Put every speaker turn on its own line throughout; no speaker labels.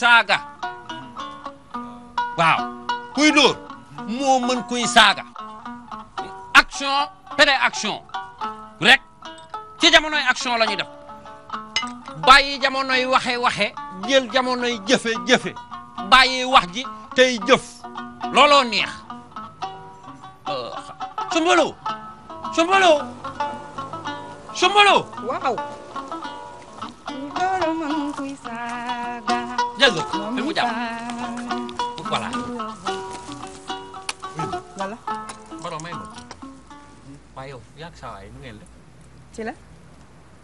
saaga waaw kuy dóor moo mën kuy saaga action pré action rek ci jamonoy action la ñuy def bàyyi jamonoy waxe waxe jël jamonoy jëfe jëfe bàyyi wax ji tey jëf looloo neex
Soumboulou Soumboulou Soumboulou waaw dóor mën kuy saaga ja nga ko fi mu jàpp voilà.
lan la. Badoo may ma waaye yow yaa ngi saa waay nu ngeen def. ci la.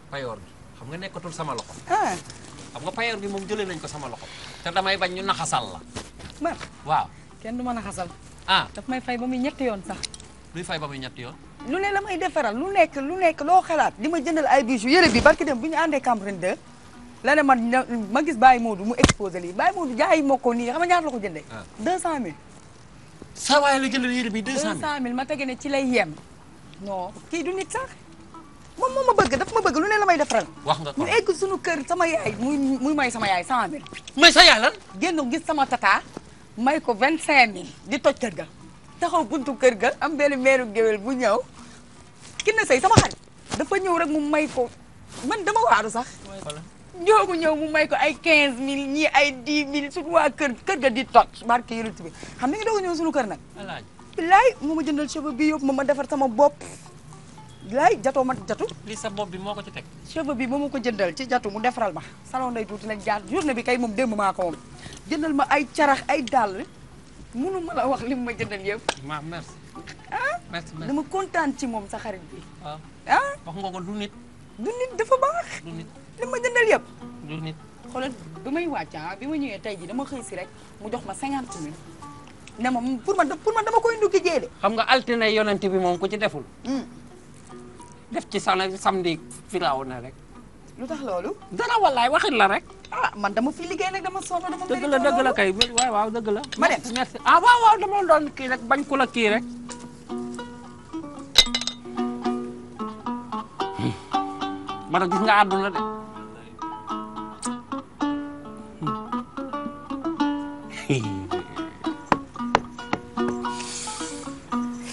payoor bi xam nga nekkatul sama loxo.
xam
nga payoor bi moom jëlee nañ ko sama loxo. te damay bañ ñu naxasal la. man waaw.
kenn du ma naxasal. ah daf may fay ba mu ñetti yoon sax.
luy fay ba muy yoon.
lu ne la may defaral lu nekk lu nekk loo xalaat. li ma jëndal ay bijoux yére bi barki dem bu ñu àndee Cameroun de la ne man ma gis Baye Modou mu exposé lii Baye Modou jaay ma ko nii xam nga ñaar la ko jëndee. 200000. Ah. saa waay la jëndee yére bi 200000 200000 ma tege ne ci lay yem. non kii du nit sax moom moo ma bëgg daf ma bëgg lu ne la may defaral. wax nga ko ñu egg suñu kër sama yaay muy muy may sama yaay 100000. may sa yaay lan. génn gis sama tata may ko 25000 di toj kër ga. taxaw buntu kër ga am benn meeru géwél bu ñëw ki ne say sama xarit dafa ñëw rek mu may ko man dama waaru sax. ñoo ko ñëw mu may ko ay 15000 ñii ay 10000 suñu waa kër kër ga di toj barke yëlati bi xam na nga doog a ñëw suñu kër nag bilaay moo ma jëndal cheveux bi yóbbu ma ma defar sama bopp bilaay jatoo ma jatu li sa bopp bi moo ko ci bi moo ma ko jëndal ci jatu mu defaral ma salon ay tuuti lañ jaar na bi kay moom démb maa ko moom jëndal ma ay carax ay dàll mënu ma la wax li mu ma jëndal yëpp
ma merci ah dama
kontaan ci moom sa xarit bi
ah. ah wax nga ko du nit du
nit dafa baax li ma jëndal yëpp. jur nit xoolal bi may wàcc ah, bi ma ñëwee tey ji dama xëy si rek mu jox ma cinquante mille ne ma pour ma dama koy nduggi jéele.
xam nga altine yonent bi moom ku ci deful. Hmm. def ci sànni samedi
firaaw na rek. lu tax loolu. dara wallaay waxit la rek. ah man dama fi liggéey nag dama sonn dama. dëgg la dëgg la kay waaw waaw dëgg la. ma dem merci ah waaw waaw dama doon kii rek bañ ku la
kii rek. Hmm. ma ne nga àdduna de.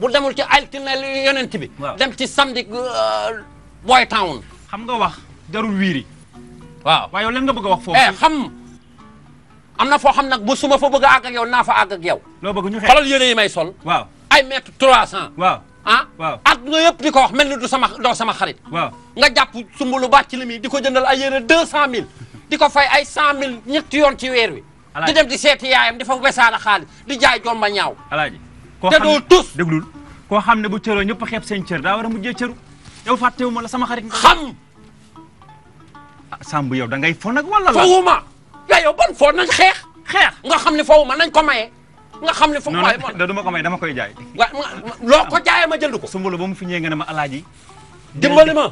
bu demul ci altine yonent bi. dem ci samedi boy euh, town. xam nga wax jarul wiiri. waaw waaye yow lan nga bëgg a wax foofu. Eh, xam am na foo xam nag bu suma fa bëgg a àgg ak naa fa àgg ak yow. loo bëgg ñu xeex xoolal yi may sol. waaw ay mètre trois cent. waaw ah. waaw adduna yëpp di ko wax mel ni du sama sama xarit. waaw nga jàpp sumbulu bàcc li mi di ko jëndal ay yére deux cent mille. di ko fay ay cent mille ñetti yoon ci weer wi. di dem di seeti yaayam di fa wesaana xaalis di jaay jomba ñaaw. alaaji te doo tus déglul koo xam ne bu cëroo ñëpp xeeb seen cër daa war a mujjee cëru yow fàttewu ma la sama xarit xam ah Samb yow da ngay fo nag wala la fowuma yaa yow ban foo nañ xeex xeex nga xam ne fowuma nañ ko maye nga xam ne foofu waaye non da duma ko may dama koy jaay waa loo ko jaayee ma jënd ko sumbulu ba mu fi ñee nga ne ma alaaji dimbali ma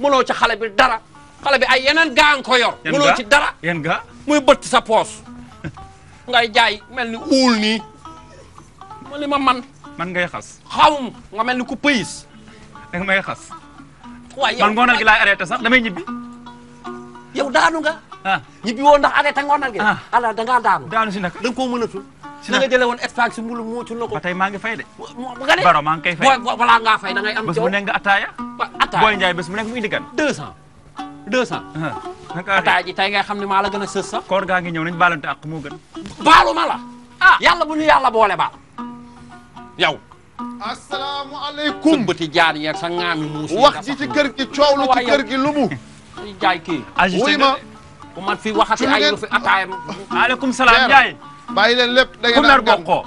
mënoo ci xale bi dara xale bi ay yeneen gaa nga ko yor ci dara yeen ga muy bëtt sa poos ngay jaay mel ni ma li man man ngay xas xawum nga mel ni ku pëyis da nga xas waaye man ngoonal gi laay arrêté sax damay ñibbi yow daanu nga ah ñibbi woo ndax arrêté ngoonal gi ah. ala da ngaa daanu daanu si naka da nga koo mënatul si na nga jëlee woon espace si mbulu ko tey maa ngi fay de nga ne baro fay balaa ngaa fay da ngay am bés bu nekk nga ataaya ataaya booy njaay mu indi gan deux cent ah, xam ne maa la gën a sës sax koor gaa ngi ñëw nañ baalante ak moo gën baalu ma la ah yàlla bu ñu yàlla boole baal yaw asalaamualeykum. sa bëti jaar yeeg sa ŋaami wax ji ci kër gi coow lu ci kër gi lumu. jaay kii. wuy ma fi waxati ay lu fi ataayam. maaleykum salaam Ndiaye. bàyyi leen lépp da ngeen a. ku mer bokkoo.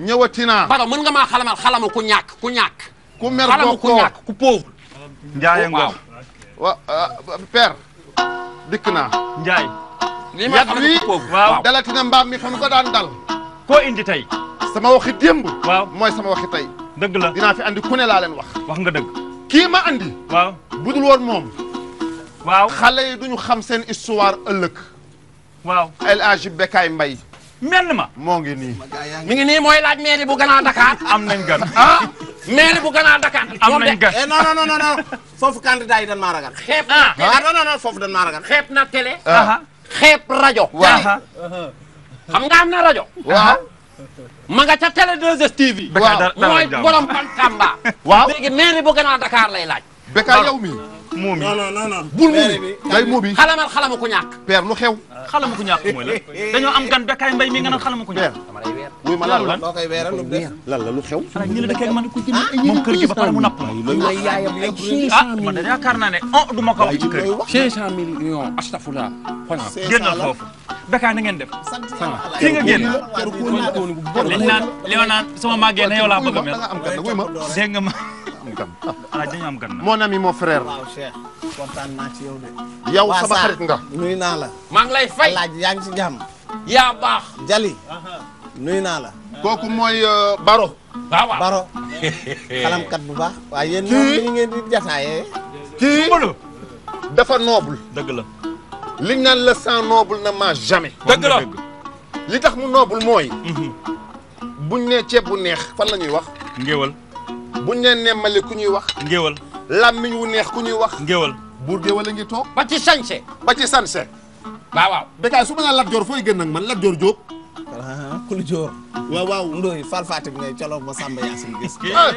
ñëwati naa. pardon mën nga maa xalamal xalama ku ñàkk ku ñàkk. ku mer bokkoo xalama ku ñàkk ku pauvre. Ndiaye Ngom waaw ah, père dikk naa. Ndiaye. li ma xamal ku pauvre waaw dalatina mbaam mi fan ko dal. koo indi tey. sama waxi démb. waaw mooy sama waxi tey. dëgg la dinaa fi wax. wax nga dëgg. kii ma andi. waaw budul woon moom. waaw xale yi duñu xam seen histoire ëllëg. waaw El Hadj Bekay mel ma moo ngi nii. mi ngi nii mooy laaj mairie bu Grand Dakar. am nañ gan ah, bu Grand Dakar. am nañ gan eh, non non non non yi ah, ah, dañ maa ragal. xeeb na télé ah foofu dañ maa ragal. na télé. xeeb rajo. waaw xam nga na rajo. ma nga ca télé 2STV. waaw mooy borom Bantamba. waaw léegi mairie bu gën a Dakar lay laaj. Bécaye yow mi moomi non non non bul moomi day moomi xalamal xalama ko ñàkk père lu xew xalama ko ñàkk mooy la dañoo am gan bekkaay mbay mi nga naan xalama ko ñàkk muy ma lan lan lan la lu xew ñu la dëkkee man ko jënd moom kër gi ba pare mu napp lay yaayam lay 500 ah, man da yaakaar naa ne on oh, du ma ko wax ci kër 500 millions astafurlah génn foofu bekkaay na ngeen def fii nga génn liñ naan li ma naan sama màggee na yow laa bëgg a mel dégg nga ma am gan. ah dañu am gan naa la. maa ngi lay fay laaj yaa ngi ci jàmm. yaa baax. Jali. naa la. kooku mooy euh, Baro. bu baax. waaw yéen ñoom ñu ngeen di jataayee. kii dafa noble. dëgg la. liñ naan le sang noble ne mange jamais. dëgg la li tax mu noble mooy. Mhm. buñ ne ceeb bu neex fan la ñuy wax. ngéwal. buñ leen nemmale ku ñuy wax. ngéwal làmmiñ wu neex ku ñuy wax. ngéwal buur géwal a ngi toog. ba ci sañse. ba ci sañse. waaw waaw béykat su ma la Lat Joor fooy gën nag man Lat Joor Jóob. Ah, kul joor waaw waaw ndoy fal fatim ngay colo ma samba yaasin gis ah.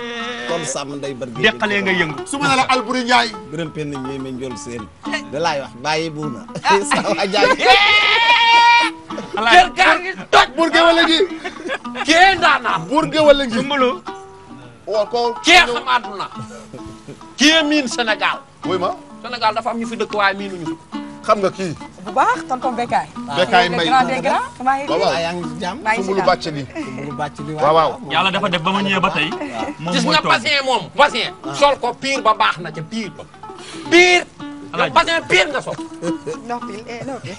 kon sàmm nday bër deqalee nga yëngu su ma ne la alburi njaay biral penn ñooy ma njol seen eh. da laay wax bàyyi buuna ah. sawa jaay eh. kër gaa ngi toj buur géwale gi kee ndaanaan buur géwale gi waaw koo kee xam àdduna kee miin Sénégal. wuy ma Sénégal dafa am ñu fi dëkk waaye miinuñu fi. xam nga kii. bu baax tonton Bekay. Ah. Bekay Mbaye grand des grands. maa ngi si jàmm maa ngi si jàmm bàcc li. bàcc li waaw waaw. yàlla dafa def ba ma
ñëwee ba tey. moom
gis nga bassin moom bassin. Ah. sol ko piir ba baax na ca piir ba.
piir. ala bassin piir nga sol. noppi eh, noppi.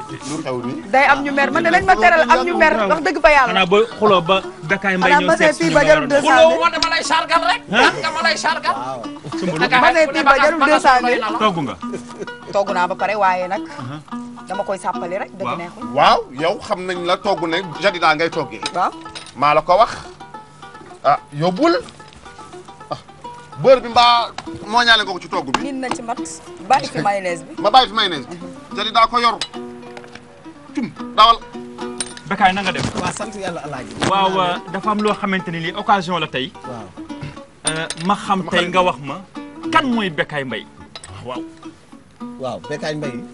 lu xew ni day am ñu mer man de lañ ma teral am ñu mer wax dëgg fa yàlla. xanaa ba xuloo ba Dakar Mbaye ñëw seet rek. ma lay sargal. masee fii nga. togg naa ba pare waaye nag. dama koy sàppali rek dëgg neexul.
waaw yow xam nañ la togg ne jardin ngay toggee. maa la ko wax. ah yóbbul. Ah, beurre bi mbaa moo nga ko ci togg bi. nit na ci mat bàyyi fi mayonnaise bi. ma bàyyi fi mayonnaise bi. Mhm. jadi daa yor. cum dawal. Bécaye na nga def. waaw sant yàlla alaaji. waaw dafa am loo xamante ne li occasion la tey. waaw. Eh, ma tey nga wax ma. kan mooy Bécaye Mbaye.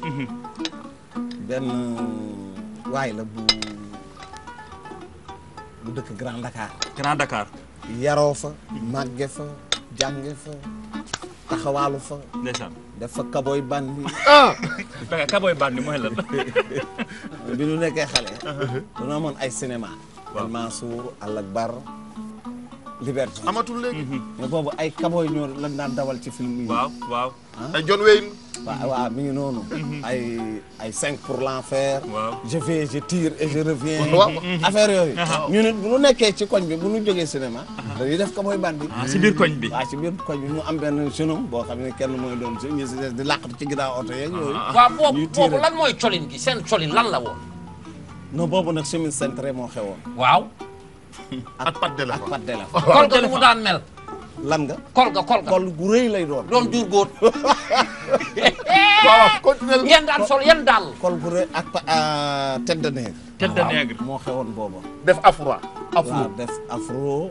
Mhm. benn waay la bu dëkk Grand Dakar. Grand Dakar. yaroo fa. màgge fa jànge fa. taxawaalu fa. ndeysaan dafa kabooy bandi. ah. kabooy bandi mooy lan. bi nu nekkee xale. Uh-huh. dañoo amoon ay cinéma. waaw El Mansour Al Akbar Liberté. amatul léegi. Mm-hmm. mais boobu ay kabooy ñoo lañ daan dawal ci film yi. waaw waaw. Ah? ay John Wayne. waa waaw mi ngi noonu. Mhm. ay ay cinq pour l'enfer je ve je tire et je reviens. affaire yooyu. ñu ne bu ñu nekkee ci koñ bi bu ñu jógee cinéma. dañuy def ko mooy bandi. Ah, ci biir koñ bi. waaw ci biir bi ñu am benn jeune boo xam ne kenn mooy doon jeune ñu si des di làqatu ci ginnaaw oto yeeg yooyu. Ah. waaw boobu lan mooy colin gi seen colin lan la woon. non boobu nag chemise centrée moo xewoon. waaw. ak pat de la ak pat de kol ga lan nga kol ga gu lay doon. doon jur góor. Eh, waaw continué. yan daan sol yan daal. col bu ak euh, tête de nègre. tête moo xewoon booba. def afro. afro waaw def afro.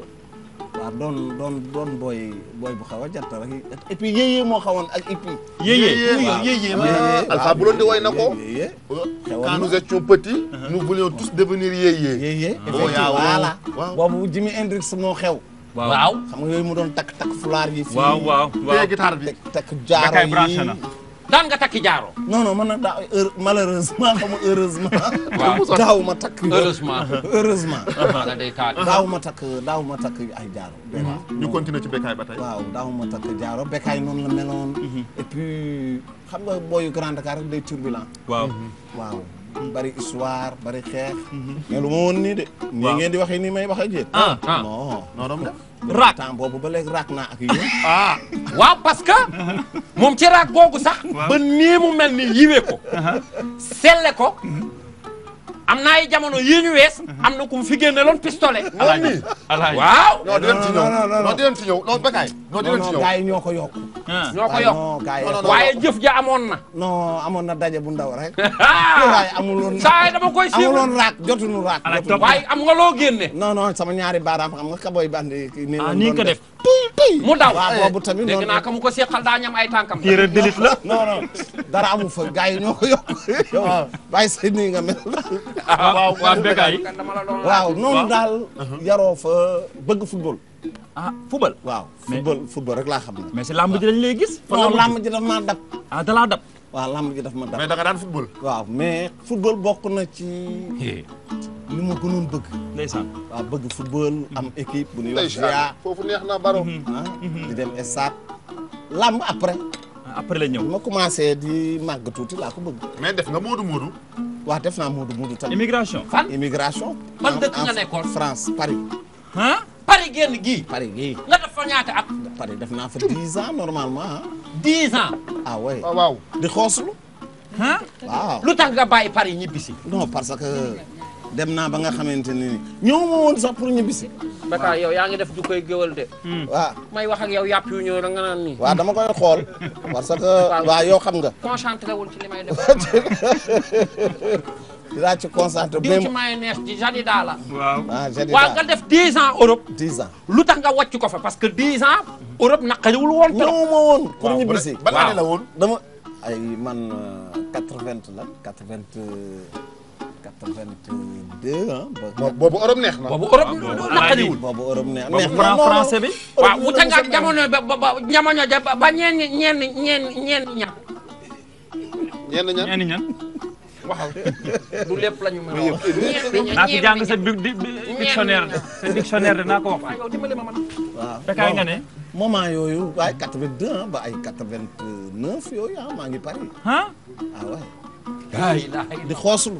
waaw doon doon doon booy bu xaw a jàtt rek et moo xawoon ak et puis.
yéyee waaw yéyee waaw Alpha Blondy woy na
ko. Euh, quand nous étions petits. nous voulions tous devenir yéyee. yéyee oh, effectivement voilà boobu Jimi moo xew. waaw xam nga yooyu mu doon takk takk fulaar yi. waaw bi takk jaaro yi daan nga takki jaaro. non non man nag daa heure malheureusement xam nga heureusement. waaw daaw ma takk. heureusement heureusement. daaw ma takk daaw ma takk ay jaaro. Mhm. ñu continuer ci bekkaay ba tey. waaw daaw ma takk jaaro bekkaay noonu la meloon. Mhm. et puis xam ga booyu Grand Dakar rek day turbulent. waaw mhm. waaw. bari histoire bari xeex. mais lu ma woon nii de. waaw nii ngeen di waxee nii may wax ak yéen. ah, ah. raak temps boobu ba léegi raak naa ak yéen. ah waaw parce que. moom ci raak googu sax. ba nii mu mel ni yiwee ko. Uh-huh. selle ko. Uh-huh. am na ay jamono yii ñu am na ku mu fi génneeloon pistolet. alaaji
alaaji waaw. non
dinañ ci ñëw non ñoo ko yokk. Ah. ñoo yokk waaye jëf amoon na. amoon na daje bu ndaw rek. waaye amul woon. saa yi dama koy siiwul amul am nga loo génne. non non ñaari baaraam xam nga kaboy bandi. nii ah, la mu daw waaw boobu eh, tamit noonu dégg naa ka mu la amu fa yokk. waaw ah. bàyyi nii nga mel. waaw waaw Bécaye waaw noonu daal uh-huh. yaroo fa bëgg football ah waaw rek laa xam ne mais si lamb ji dañ lay gis non lamb ji daf maa dab ah da dab waaw lamb ji daf ma dab mais da nga waaw mais football bokk na ci li ma gënoon bëgg ndeysaan waaw bëgg football am équipe bu ñuy wax foofu neex na baro mm-hmm. Ah, mm-hmm. di dem stade lamb ah, après la ñëw ma commencé di màgg tuuti laa ko bëgg mais def nga moodu moodu wax def naa Moodu Moodu tam. immigration fan immigration. ban dëkk nga nekkoon France Paris. ah Paris génn gii. Paris gii nga def fa ñaata Paris def naa fa dix ans normalement ah. ans. ah oui ah, waaw lu tax nga bàyyi Paris ñibbisi. non parce que. dem naa ba nga xamante ne ni ñëw ma woon sax pour ñibbisi. waaw Beka yow yaa ngi def jukkoy géwal de. Hmm. Hmm. waaw may wax ak yow yàpp yu ñëw rek nga naan nii. waaw dama koy xool parce que. waaw yow xam nga. concentré wul ci li may def. dinaa ci concentré. même ci mayonnaise ji jadida la. waaw ah jadida waaw nga def 10 ans Europe. 10 lu tax nga wàcc ko fa parce que 10 ans. Europe naqariwul woon. trop ñëw ma woon pour ñibbisi. waaw ban année la woon dama. ay man 80 la 80. 82 ah. boobu Europe neex na. boobu Europe ah, naqariwul boobu Europe neex na. boobu français bi. waaw wuute nga ak jamono ba ba jamono ja ba ñeen ñeen ñeen ñeen ñan. ñeen ñan ñeen ñan. waaw du lépp la ñu mën a wax. naa ci jàng sa dictionnaire sa dictionnaire dinaa ko wax. waaw dimbale ma man. waaw fekkaay nga ne. moment yooyu waaye 82 ba ay 89 yooyu ah maa ngi Paris. ah waaw. gars yi di xooslu.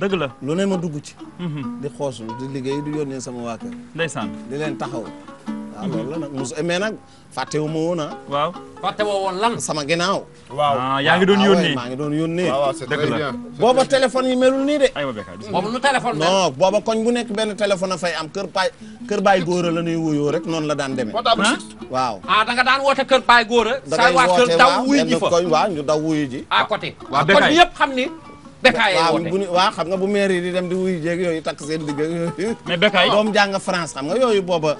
dëgg la lu ne ma dugg ci. Mhm. di xooslu di liggéey di yónnee sama waa kër. ndeysaan di leen taxaw. waaw mhm. loolu la nag fàtte wu ma woon ah. waaw fàtte woo lan. sama ginnaaw. waaw ah, yaa ngi doon ah, yónnee maa ngi doon yónnee. waaw c'est très bien booba téléphone yi melul nii de. aywa béykat bi boobu lu téléphone non booba koñ bu nekk benn téléphone a fay am kër paay kër baay góora la ñuy wuyoo rek noonu la daan demee. waaw. ah da nga daan woote kër baay góora. da ngay woote waaw benn daw wuyu ji. à côté. waaw béykat yi xam ni. Bekkaay woote waaw xam nga bu maire yi di dem di wuyu jéeg yooyu takk seen digg yooyu. mais Bekkaay doom jàng France yooyu booba.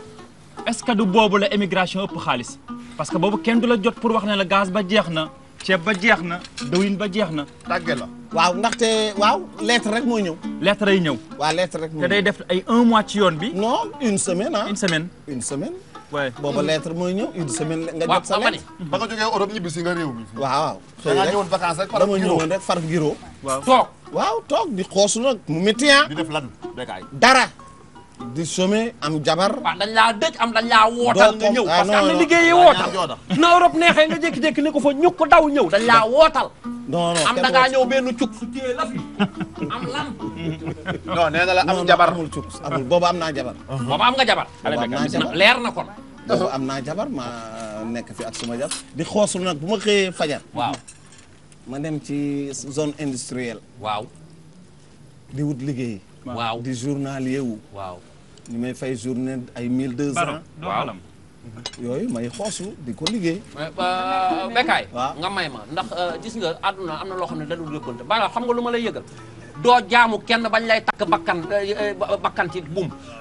est-ce que du boobu la émigration ëpp xaalis parce que boobu kenn du la jot pour wax ne la gaz ba jeex na ceeb ba jeex na dawlin ba jeex na. tàgge la waaw ndaxte waaw lettre rek moo ñëw. lettre ay ñëw. waaw lettre rek moo ñëw te day def ay un mois ci yoon bi. non une semaine ah. une semaine une semaine. waay booba lettre mooy ñëw une semaine nga jot sa lettre ba nga jógee Europe si nga réew mi waaw xëy na ñëwoon vacances rek dama ñëwoon rek far giro waaw toog waaw toog di xoosu nag mu métti ah. di def lan dara di sommet am jabar. waaw dañ laa dëj am dañ laa wootal ñëw. Ah, parce que am na liggéeyi wootal. jékki-jékki ne ko ko daw wootal. am da ngaa ñëw benn cuk su téye la fi am lan. non nee la am jabar amul cuk amul boobu am naa jabar. Uh-huh. am nga jabar. leer na kon. am naa jabar ma nekk fi ak suma jabar. di xoosul nag bu ma xëyee fajar. waaw ma dem ci zone industrielle. waaw. di wut liggéey. waaw di journalier wu. ñu may fay journée ay mille deux cent waaw yooyu may xoosu di ko liggéey. Euh, Bécaye nga may ma ndax euh, gis nga àdduna am na loo xam ne dalul yëbbante ba xam nga lu ma lay yëgal doo jaamu kenn bañ lay takk bakkan euh, bakkan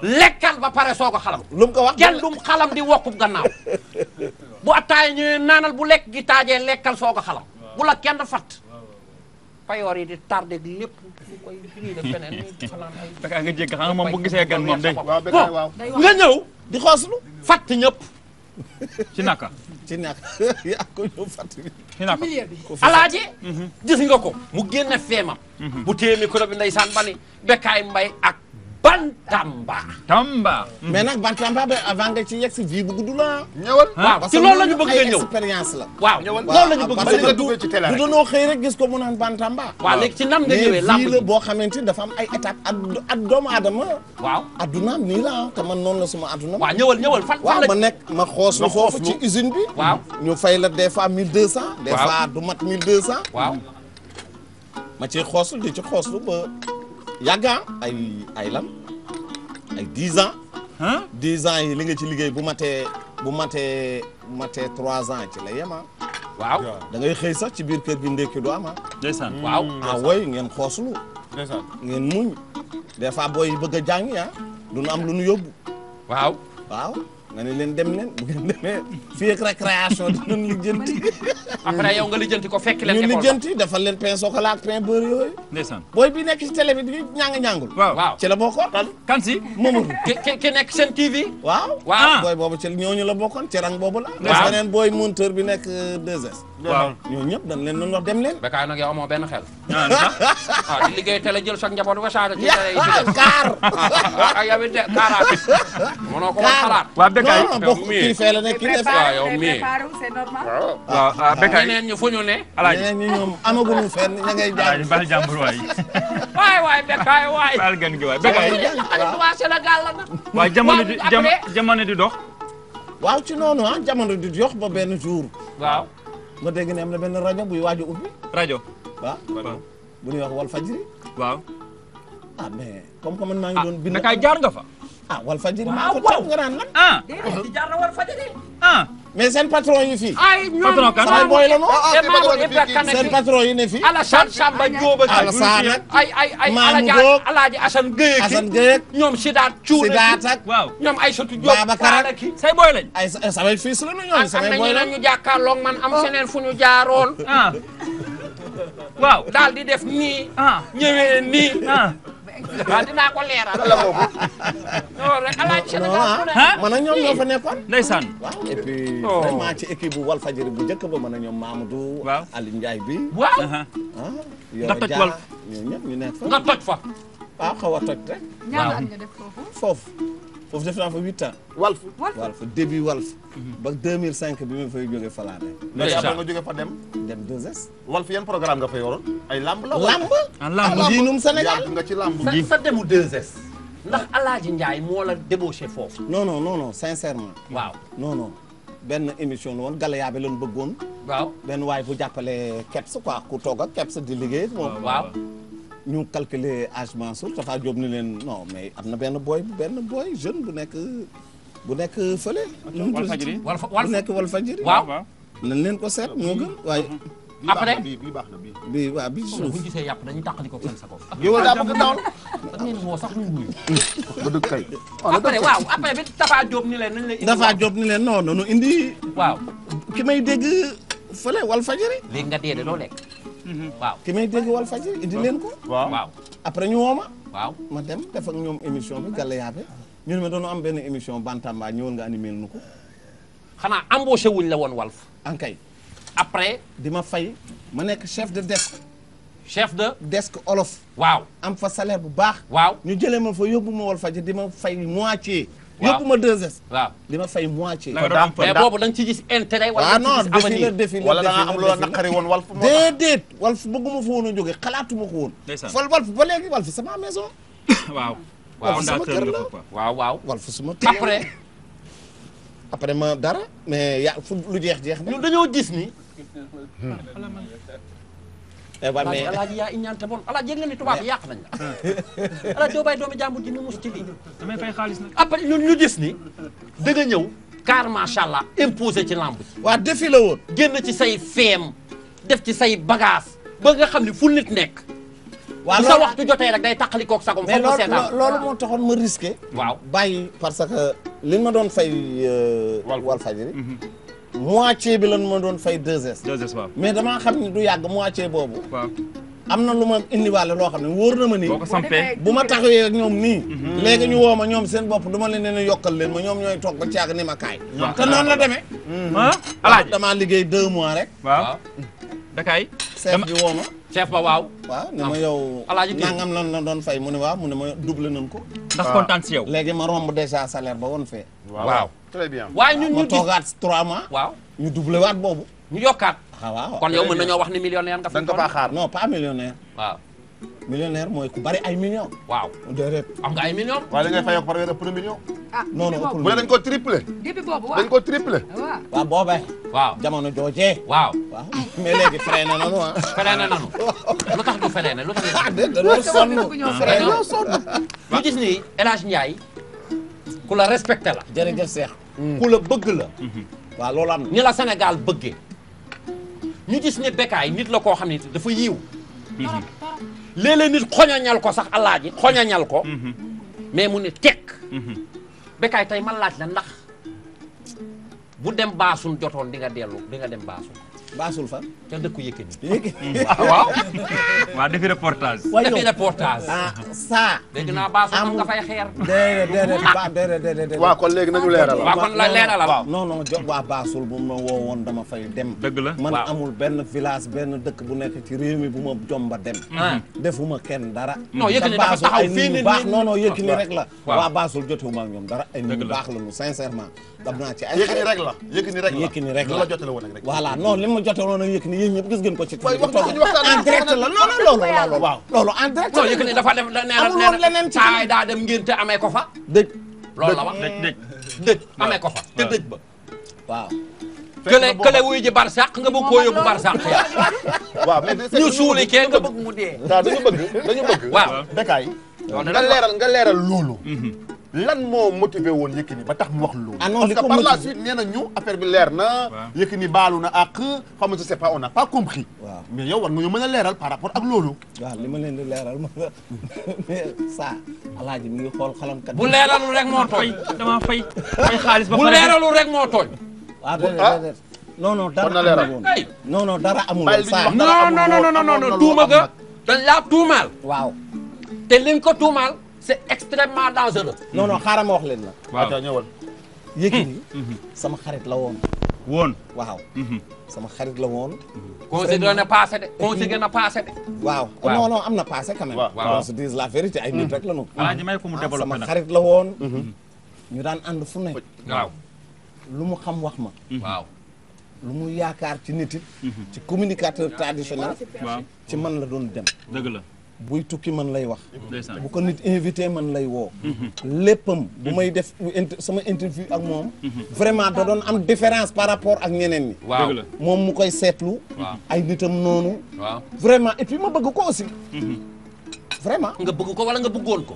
lekkal ba pare soo ko xalam. ko wax kenn dum xalam di wokkub gannaaw bu attaay ñëwee naanal bu lekk gi taajee lekkal soo ko xalam bu la kenn fatt payoor yi di tardé lépp ñu koy brûlé feneen ñu fanaan ay. Bécaye nga jéggi xam nga moom bu gisee gan moom day. waaw Bécaye waaw nga ñëw di xooslu fàtt ñëpp. ci naka. ci naka yaa ko ñëw fàtt mhm. nga ko mu génne feemam. Mhm. bu téye micro bi ndeysaan ba ni Bécaye Mbaye ak. Bantamba. Tamba. mais nag Bantamba ba avant nga ci yegg si vie bu gudd la. ñëwal waaw ci loolu la ñu bëgg nga ñëw expérience la. la du du doonoo gis ko mu naan Bantamba. waaw léegi ci nan nga ñëwee làmb mais vie la boo xamante dafa am ay étape ak ak doomu aadama. waaw addunaam nii la ah te man noonu la suma adduna. waaw ñëwal ñëwal fan fan la waaw ma nekk ma xoos lu foofu ci usine bi. waaw ñu fay la des fois de waaw des fois du mat 1200. waaw ma ciy xooslu di ci xooslu ba yàgg ah ay ay lan ay dix ans. dix ans yi li nga ci liggéey bu matee bu matee matee trois ans ci la yem ah. waaw da ngay xëy sax ci biir kër gi ndekki du am ah. Mm. ah ngeen xooslu. ndeysaan ngeen muñ. des fois booy bëgg a jàngi ah. nu am lu nu yóbbu. waaw nga ne leen dem leen bu ngeen demee lijjanti. après ko fekk leen. école ñu lijjanti defal leen pain chocolat ak pain bi nekk si télé bi di ñàng ñàngul. waaw ci la ki ki nekk seen TV. waaw waaw ah. booy boobu ci ñooñu la bokkoon ci rang boobu la. waaw beneen bi nekk 2S. Euh, waaw ñooñu ñëpp dañ leen doon wax dem leen. Bécaye nag yow ben benn xel. ah, ah di jël sa njaboot wasaare ci télé yi. waaw kaar. Ah, ah yow it de Bécaye bokk kilifa la nekk kilifa yow mii
waaw
Bécaye ñeneen ñu fu ñu ne alaaji ñeneen ñi ñoom amaguñu fenn ña ngay jàng bal jàmbur waay waay waay Bécaye waay bal gan gi waay Bécaye waa Sénégal la waay jamono di jamono di dox waaw ci noonu ah jamono di dox ba benn jour waaw ma dégg ne am na benn rajo buy waaj a ubbi rajo waaw bu ñuy wax Walfadjri waaw ah mais comme que man maa ngi doon bind Bécaye jaar nga fa ah Walfadjri maa ko ah, toog nga naan lan. ah déedéet jaar na Walfadjri ah. mais seen patron yi fii. ay ñoom sama boy la moom ah, ah, seen patron yi ne fii. Alassane Samba Diop ak Alassane ay ay ay Alaaji Assane Gueye Assane Gueye ñoom Sidaat Cuune Sidaat ak waaw ñoom Aïssatou Diop Babacar ak say boy lañ ay samay fils la ñoom samay boy lañ ñu jàkkaarloog man am seneen fu ñu jaaroon waaw daal di def nii ñëwee nii waaw dinaa ko leeral. la boobu. non ah, ñoom ñoo fa nekkoon. ndeysaan. waaw et puis vraiment oh. ci équipe bu Walfadjri bu njëkk ba man ak ñoom Mamadou. waaw Aliou bi. waaw. Uh-huh. Ah, nga toj wal ñoom ñëpp nekk fa. waaw ah, xaw a rek. foofu. foofu def naa fa huit ans. Walf Walf début ba 2005 bi ma fay jógee Falaate. déjà léegi nga jógee fa dem. dem 2S. Walf programme nga fa yoroon. ay lamb la lamb ah lamb diinum ah, Sénégal nga ci lamb ji sa demu 2S. ndax Alaaji Ndiaye moo la débauché foofu. non non non non waaw non benn émission la woon Galaya bi bëggoon. waaw benn waay bu jàppale Kebs quoi ku toog ak Kebs di liggéey. waaw ñu calculer âge Mansour Tafa Diop ni leen non mais am na benn boy benn boy jeune bu nekk bu nekk fële. Walfadjri bu nekk Walfadjri. waaw nañ leen ko seet moo gën waaye. Mhm. après bii bii baax na bii waaw bii suuf bu gisee yàpp dañuy tàqali ko seen sago. yow daa bëgg ndaw sax ñu wuyu. ba dëgg kay. Oh, après waaw après bi Tafa Diop ni leen nañ leen indi. Tafa Diop ni leen non non indi. waaw ki may dégg fële Walfadjri. léegi nga dee de loo Mm-hmm. waaw ki may dégg wal fajri di leen ko waaw après ñu wooma waaw ma dem def ak ñoom émission bi Gallayaabe ñu ne ma doon am benn émission Bantamba ñëwal nga animé nu ko xanaa embauché wuñ la woon Walf ankay après di ma fay ma nekk chef de desk chef de desk olof waaw am fa salaire bu baax waaw ñu jëlee ma fa yóbbu ma Walf Fadjri di ma fay moitié yëpp ma 2S. waaw li ma fay moitié. mais boobu da nga ci gis intérêt. wala ah da nga ci gis avenir wala da nga am loola naqari woon Walf moo déedéet Walf bëgguma fa woon a jógee xalaatuma ko woon. ndeysaan fol Walf ba léegi Walf sama maison. waaw waaw sama kër la waaw waaw. Walf sama kër après. après ma dara mais ya fu lu jeex jeex. ñun dañoo gis ni. Hmm. Eh, waaw mais alaaji yaa iñaante bon alaaji yëg nga ni tubaab yàq nañ la alaaji doo bàyyi doomu jàmbur ji mu mus ci lii damay fay xaalis nag après ñun ñu gis ni da nga ñëw car macha allah imposé ci lamb ji waa defi la woon génn ci say feem def ci say bagage ba nga xam ne fu nit nekk waaw sa waxtu jotee rek day taqalikoog sagom mais loolu moo taxoon ma risqué waaw bàyyi parce que li ma doon fay euh, wal fajiri mhm. moitié bi lan ma doon fay 2S. mais damaa xam ni du yàgg moitié boobu. am na lu ma indi indiwaale loo xam ne wóor na ma ni. boo bu ma taxawee ak ñoom nii. Mhm. léegi ñu woo ma ñoom seen bopp duma leen ne yokkal leen ma ñoom ñooy toog ba caag ni ma kaay. te noonu la demee. Mhm. Ah, alaaji damaa liggéey 2 mois rek. waaw dakaay. chef bi woo ma. chef ba waaw. waaw ne ma yow. alaaji am lan la doon fay mu ne waaw mu ne ma double nañ ko. ndax kontaan si yow. léegi ma romb déjà salaire ba woon fee. waaw très bien. waaye ñun ñu di toogaat 3 mois. waaw ñu doublé waat boobu. ñu yokkaat. Ah, waaw kon yow mën nañoo wax ni millionnaire nga. fa nga faa xaar non pas millionnaire. waaw. millionnaire mooy ku bari ay millions. waaw déedéet. am nga ay millions. waaye da ngay fay ak par weer ëpp na million. ah non non bu ne dañ ko triplé. depuis boobu waaw dañ ko triplé. waaw waaw boobee. waaw jamono joojee. waaw waaw mais léegi freiné nanu ah. freiné nanu lu tax du freiné lu tax. ah déedéet loolu sonn loolu sonn. ñu gis ni El Hadj Ndiaye. ku la respecté la. jërëjëf Cheikh. Mm. ku la bëgg la. Mm-hmm. waaw loolu am na ni la Sénégal bëggee ñu gis ne Bécaye nit la koo xam ne dafa yiiw. Mm-hmm. léeg-léeg nit xoñañal ko sax alaaji xoñañal ko. Mm-hmm. mais mu ne tek Bécaye tey ma laaj la ndax bu dem baasun jotoon di nga dellu di nga dem baasun. baasul fa dëkku Yékini waaw waaw defi reportage defi reportage ah saa dégg naa baasul am nga fay xeer déedéet déedéet waaw kon léegi waa baasul bu ma woo dama fay dem dëgg la man amul benn village benn dëkk bu nekk ci réew mi bu ma jomba dem ah. defuma kenn dara non Yékini dafa la waa baasul jotewuma ak ñoom dara ay nit ñu baax la ñu ay Yékini rek la Yékini rek la Yékini rek la jotoon nañu yëg ni yéen ñëpp gis ngeen ko ci. waaye wax dëgg ñu waxtaan en direct la non non loolu loolu waaw loolu en direct. non yëg ni dafa def nee na amul leneen ci taay daa dem ngeen te amee ko fa. dëj
loolu la wax dëj dëj.
dëj amee ko fa te dëj ba waaw. kële kële wuy ji barsàq nga bëgg koo yóbbu barsàq ya bëgg mu dee. dañu bëgg dañu bëgg. waaw leeral nga leeral loolu. Mhm. lan moo motivé woon Yékini ba tax mu wax loolu. ah non li ko parce que par la leer na. Yékini baalu na ak xam nga je n'a pas compris. waaw mais yow war nga ñu mën a leeral par rapport ak loolu. waaw li ma leen di leeral ma mais ça alaaji mi ngi xool xolam kat. bu leeralul rek moo tooy dama xaalis ba. bu leeralul rek moo tooy. ah non non dara amul woon non non dara amul woon saa non non non non non tuuma ga dañ laa tuumaal. waaw te liñ ko tuumaal. c'est extrêmement dangereux. non non xaaral ma wax leen la. waaw waaw sama xarit la woon. woon waaw. Mhm. sama xarit la woon. na passé de considéré na passé de. waaw non non am na passé quand même. la vérité ay nit rek la ñu. Mhm. alaaji may ko ah, la woon. Mhm. ñu daan ànd fu ne. waaw lu mu xam wax ma. waaw lu mu yaakaar ci nit it. ci communicateur traditionnel. ci man la doon dem. la. buy tukki man lay wax bu ko nit invité man lay woo léppam bu may def sama interview ak moom vraiment da am différence par rapport ak ñeneen ñi waaw moom mu koy seetlu ay nitam noonu waaw vraiment et ma bëgg ko aussi vraiment nga bëgg ko wala nga bëggoon ko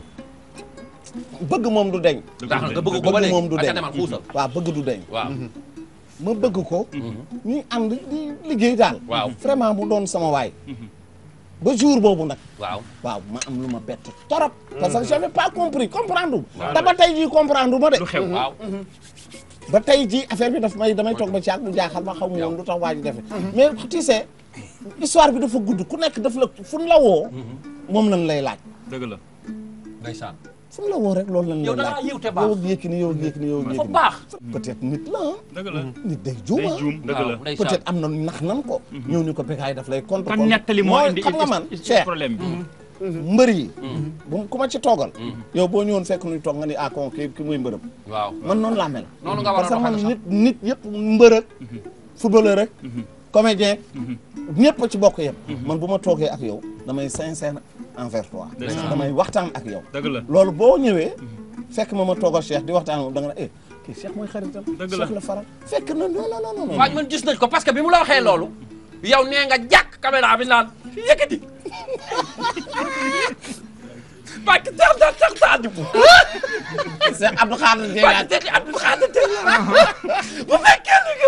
bëgg moom du deñ nga bëgg ko ba léegi moom du deñ waaw bëgg du deñ waaw ma bëgg ko mhm. ñuy ànd di liggéey daal vraiment mu doon sama waay mhm. ba jour boobu nag. waaw waaw ma am lu ma bett torop. parce que mm-hmm. j'avais pas compris comprendre te ba tey jii comprendre ma de. lu xew waaw.
Mm-hmm. Mm-hmm.
ba tey jii affaire bi daf may damay toog ba ci ak mu jaaxal ma xaw ma woon lu tax waa ji defee. mais tu sais histoire bi dafa gudd ku nekk daf la fu la woo. moom lañ lay laaj. dëgg fu mu la woo rek loolu lañ la laaj yow da ngaa yow Yékini yow Yékini nit la nit day juuma ah. peut am na nax nan ko. Mhm. ñëw ñu ko Bécaye daf lay contre. kon ñettali moo indi xam nga man problème bi. Mhm. mbër yi. bu ku ma ci toogal. Mhm. yow boo ñëwoon fekk nuy toog nga ni ah kon kii muy mbërëm. man noonu laa mel. a parce que man nit nit yëpp mbër ak footballeur rek. comédien mm-hmm. ñëpp ci bokk yem mm-hmm. man bu ma toogee ak yow damay sincère envers toi damay waxtaan ak yow loolu boo ñëwee mm-hmm. fekk ma ma toogal Cheikh di waxtaan moom da nga ne eh kii Cheikh mooy xaritam Cheikh la faral fekk na non non non man gis nañ ko parce que bi mu la waxee loolu yow nee nga jàkk caméra bi naan yëkkati parce que sax sax sax saa di ko. sëñ Abdou Khadre Dieng laa parce que Abdou Khadre Dieng laa. bu fekkee ni que.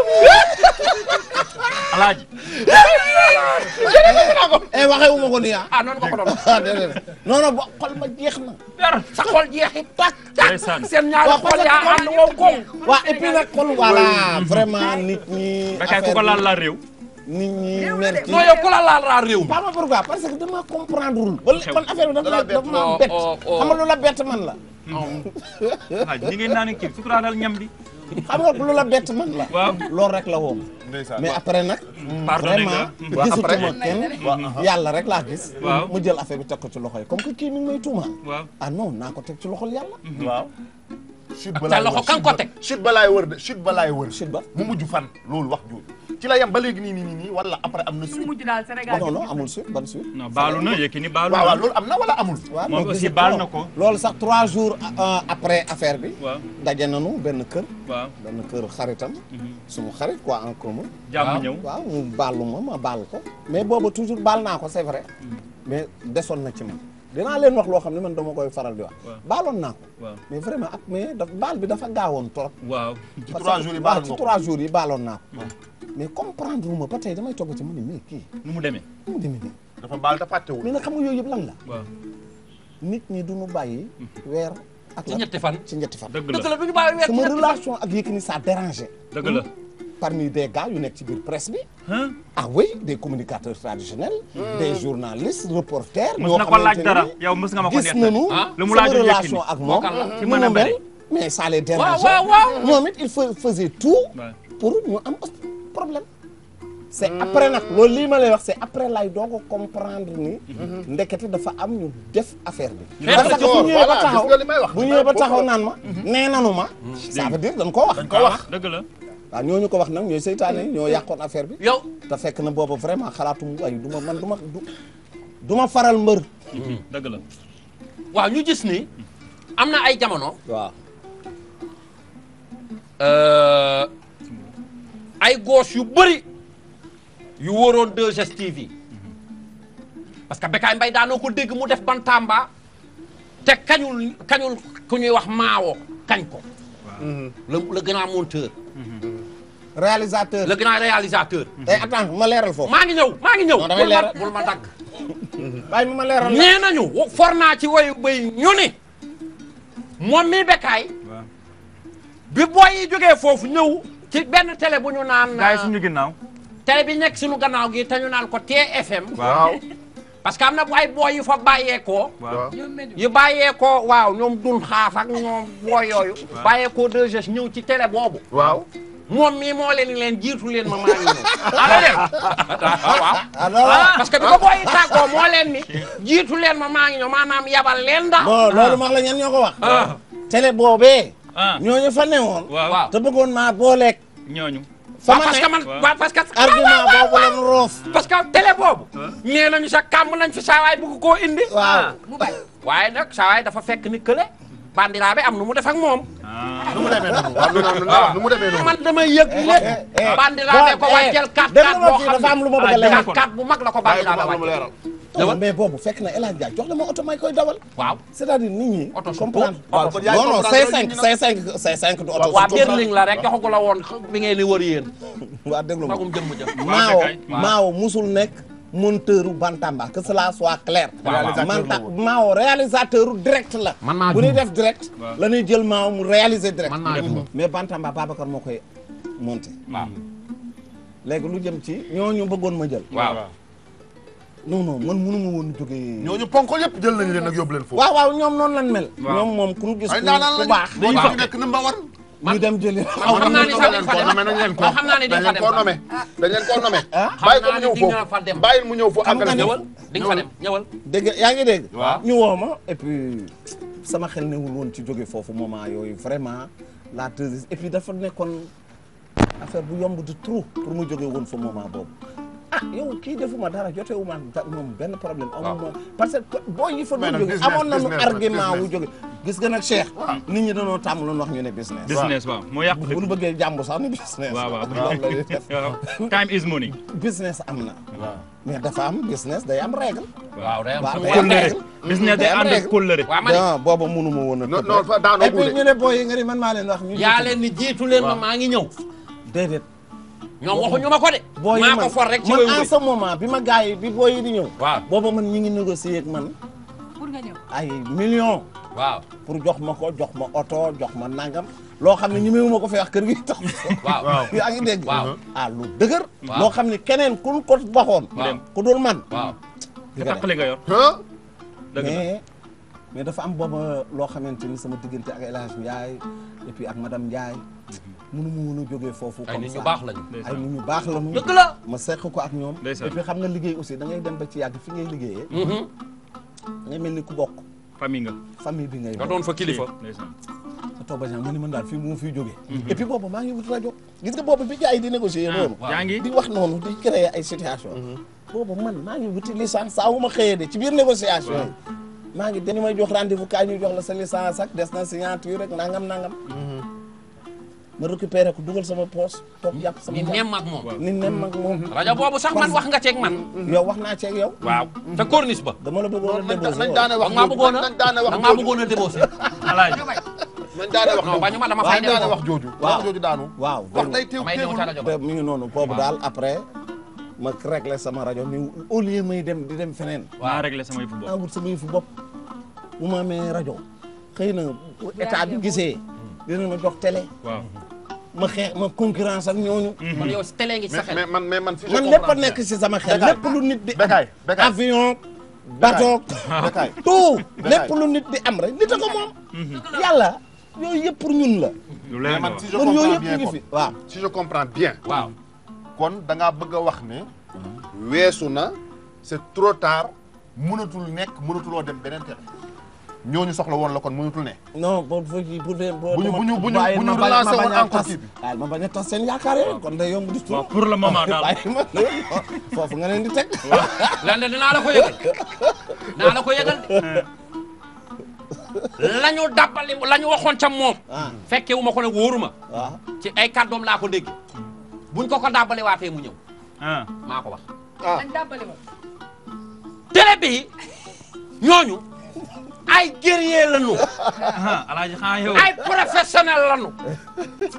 alaaji. jërëjëf naa ko. waxee wu ma ko nii ah. ah noonu ko ko doon. ah déedéet non non ba xol ma jeex na. sa xol jeexi tàkk. tàkk seen ñaari xol yaa ànd wow koŋ. waaw et puis nag kon voilà vraiment nit ñi. affaire bi ku ko laal la réew. nit ñi mer ci non yow ku la laal laa réew mi. pas parce que dama comprendre lul. man ma oh, bett oh, oh. lu la bett man la. ah ñu ngi naan kii bi. xam nga lu la bett man la. waaw loolu rek la woom. mais après nag. Hmm. vraiment gisatu ma hmm. kenn. Hmm. yàlla rek laa gis. mu jël affaire bi teg ko ci loxo yi comme que kii mi ngi may tuuma. waaw ah non naa ko teg ci loxol yàlla. waaw. chute balaay wër chute balaay wër de chute balaay wër. chute ba mu mujj fan loolu wax ju. ci la yem ba léegi nii nii nii wala après am na suite.
mujj daal Sénégal non non amul
suite ban suite. non baalu na Yékini baalu. waaw waaw loolu am na wala amul. waaw moom aussi baal na ko. loolu sax trois jours euh, après affaire bi. waaw daje nañu benn kër. waaw benn kër xaritam. Mhm. sumu xarit quoi en commun. jàmm ñëw waaw mu baalu ma ma baal ko. mais boobu toujours baal naa ko c'est vrai. Mhm. mais desoon na ci man. dinaa leen wax loo xam ne man dama koy faral di wax. baaloon naa ko. mais vraiment ak mais baal bi dafa gaawoon trop. waaw ci trois jours yi baaloon yi baaloon naa ko. mais comprendre wu ma ba tey damay togg ci mu ne mais kii. nu mu demee nu mu demee nii. dafa baal te fàttewul. mais nag xam nga yooyu yëpp lan la. nit ñi du ñu bàyyi. Mhm. weer ak ci ñetti fan ci ñetti fan. dëgg la dëgg la du ñu bàyyi weer sama relation ak la. par des gars yu nekk ci biir presse bi. ah des communicateurs traditionnels. Hmm. des journalistes reporters. yoo xamante ne yow mës nga ma ko gis nañu ah? sama relation a mel mais ça les dérangeait. waaw waaw il faisait tout. pour ñu am problème. c' après nag loolu lii ma lay wax c' après lay doog a comprendre ni. Mhm. ndekete dafa am ñu def affaire bi. parce bu ñëwee ba taxaw bu naan ma. Mhm. nee nanu ma. Mhm. ça veut dire dañ ko wax. waa waaw ñu ko wax nag ñooy seytaane ñoo yàqoon affaire bi. yow te fekk na booba vraiment xalaatu mu ay du ma man du ma du du faral mbër. Mhm. dëgg la ñu gis ni am na ay jamono. waaw. Euh, ay gauche yu bëri yu wóoroon 2STV yi parce que Bécaye Mbaye daanoo ko dégg mu def bantamba te kañul kañul ku ñuy wax maawo kañ ko. la gën a monteur. Mhm. réalisateur le grand réalisateur. Mm-hmm. Eh, tey ma leeral maa ngi ñëw maa ngi ñëw. non damay leeral bul ma dagg. waaye ma leeral nee nañu for naa ci woyu bay ñu ne moom mi bekkaay. bi booy yi jógee foofu ñëw ci benn tele bu ñu naan. gars yi suñu ginnaaw. Euh, télé bi nekk suñu gannaaw gi te ñu naan ko TFM. waaw. parce que am na ay booy yu fa bàyyeekoo. waaw yu waaw ñoom dul xaaf ñoom booy yooyu. waaw bàyyeekoo 2 ci télé boobu. moom mii moo leen leen jiitu leen ma maa ngi ñëw. ah parce que bi ko booy tàggoo moo leen ni jiitu leen ma maa ngi ñëw yabal
leen ndax. bon loolu max la ñan
ñoo ko wax. Ah. télé boobee. Ah. ñooñu fa newoon. waaw te bëggoon maa booleeg. ñooñu. fa ma ne waaw parce que man parce que. argument roof. parce que télé boobu. Ah. nee nañu sa kàmb nañ fi saawaay bëgg koo indi. waaye nag saawaay dafa fekk ni kële. bandira be am nu mu def ak moom. Ah, nu mu demee noonu waaw ah, ah, nu mu demee noonu. man damay yëg eh, lépp. Eh, eh. bandira be ko wàcceel kat kat boo xam ne dafa am lu ma bëgg a leeral kat bu mag la ko bandira be wàcceel. dawal mais boobu fekk na El Hadj Ndiaye jox na ma oto may koy dawal. waaw c'est-à-dire nit ñi. oto comprendre non non C5 C5 C5 du oto. waaw berline la rek joxagu la woon bi ngeen di wër yéen. waaw déglu ma magum jëmm jëm. maawo maawo musul nekk. monteur u Bantamba que cela soit clair. réalisateur Mao réalisateur direct la. bu ñuy def direct. la ñuy jël Mao mu réaliser direct. mais Bantamba Babacar moo koy monté. waaw léegi lu jëm ci ñooñu bëggoon ma jël. waaw non non man mënu ma woon jógee. ñooñu ponk yëpp jël nañu leen ak yóbbu leen foofu. waaw waaw ñoom noonu lañ mel. ñoom moom nekk ni mu ñu dem jëli xam naa ni sax dañ fa dem ah, xam naa ni dañ fa dem koo nome dañ leen koo nome bàyyi ko mu ñëw foofu bàyyil mu ñëw foofu àggale ñëwal di nga fa dem ñëwal dégg yaa ngi dégg ñu woo ma et puis sama xel newul woon ci jóge foofu moment yooyu vraiment la tesis et puis dafa nekkoon affaire bu yomb de trop pour mu jóge woon fa moment boobu ah yow kii defuma dara jotewu ma moom benn problème amuma parce que boo yi fa doon jóge amoon nañu argument wu jóge gis nga nag Cheikh. nit ñi dañoo tàmm lu wax ñu ne business. business waaw moo yàq bu ñu bëggee jàmbu sax ne business. waaw waaw time is money. business am na. mais dafa am business day am règle. waaw day am kóllëre business day ànd ak kóllëre. booba mënu ma woon a. non daanoo et puis ñu ni man maa leen wax. ñu yaa leen ni jiitu leen ma maa ngi ñëw. déedéet. ñoom waxuñu ma ko de. booy yi man maa rek ci man moment bi ma gars yi bi booy yi ñëw. waaw booba man ñi ngi négocier ak man. pour nga ay millions. waaw pour jox ma ko jox ma oto jox ma nangam loo xam ne ñi mewu ma ko fee wax kër gi tax
waaw yaa ngi dégg
ah lu dëgër loo xam ne keneen kun ko waxoon ku dul man waaw te taqali nga yor mais mais dafa am booba loo xamante ni sama diggante ak El Hadj Ndiaye et puis ak Ndiaye mënu mhm. ma a jógee foofu comme ça ay nit ñu baax la ay ñu baax la dëgg ma seq ko ak ñoom et xam nga liggéey aussi da ngay dem ba ci yàgg fi ngay liggéeyee da mhm. ngay mel ni ku bokk famille nga. bi ngay nga ma fa kilifa. sa toog ba si ma ni man daal fii mu fi jógee. Mhm. et puis boobu maa ngi wut rajo. gis nga boobu bi gars yi di négocier noonu. Ah, yaa ngi di wax noonu di créer ay situation mhm. boobu man maa ngi wuti licence sa wu ma xëyee de ci biir négociation yi. maa ngi dañu may jox rendez-vous kaay ñu jox la sa licence ak des na signature rek nangam nangam. Mhm. ma récupéré ko dugal sama poos toog yàpp sama ni nem ak moom mm-hmm. rajo boobu sax man wax nga ceeg man mm-hmm. yow wax naa ceeg yow waaw mm-hmm. te corniche ba dama la bëggoon a débosé nañ daana wax ma bëggoon a daana wax maa bëggoon a débosé alaaj man daana wax ma dama fay daana wax jooju wax jooju daanu waaw wax day teew teewul mi ngi noonu boobu daal après ma réglé sama rajo ni au lieu may dem di dem feneen waaw réglé sama yëfu bopp wut sama ma rajo xëy na état gise dina ma jox télé. waaw ma xeex ma concurrence ak ñooñu. Mhm. man yow si télé man mais man man lépp a nekk si sama xel. lépp lu nit di avion. bateau tout lépp lu nit di am rek nit a ko moom. Mhm. yàlla yooyu yëpp pour ñun la. lu leer man si je comprends bien kon waaw si je comprends bien. waaw kon da ngaa bëgg a wax ne. weesu na c'est trop tard mënatul nekk mënatuloo dem beneen télé. ñooñu soxla la kon mënatul ne. non pour pour pour bu ñu bu ñu bu ñu relancer woon encore kii bi. waaw ma bañ a tas seen yaakaar yi kon day yomb di. waaw pour le moment daal foofu nga leen di teg. waaw lan la la ko yëgal dinaa la ko yëgal de. la ñu dàbbali la waxoon ca moom. Ah. fekke wu ma ko ne wóoruma. waaw ah. ci ay kàddoom laa ko dégg. buñ ko ko dàbbali waatee mu ñëw. Ah. maa ko wax.
waaw dàbbali ma.
télé bi ñooñu. ay guerrier lañu. alaaji xanaa yow. ay professionnel lañu.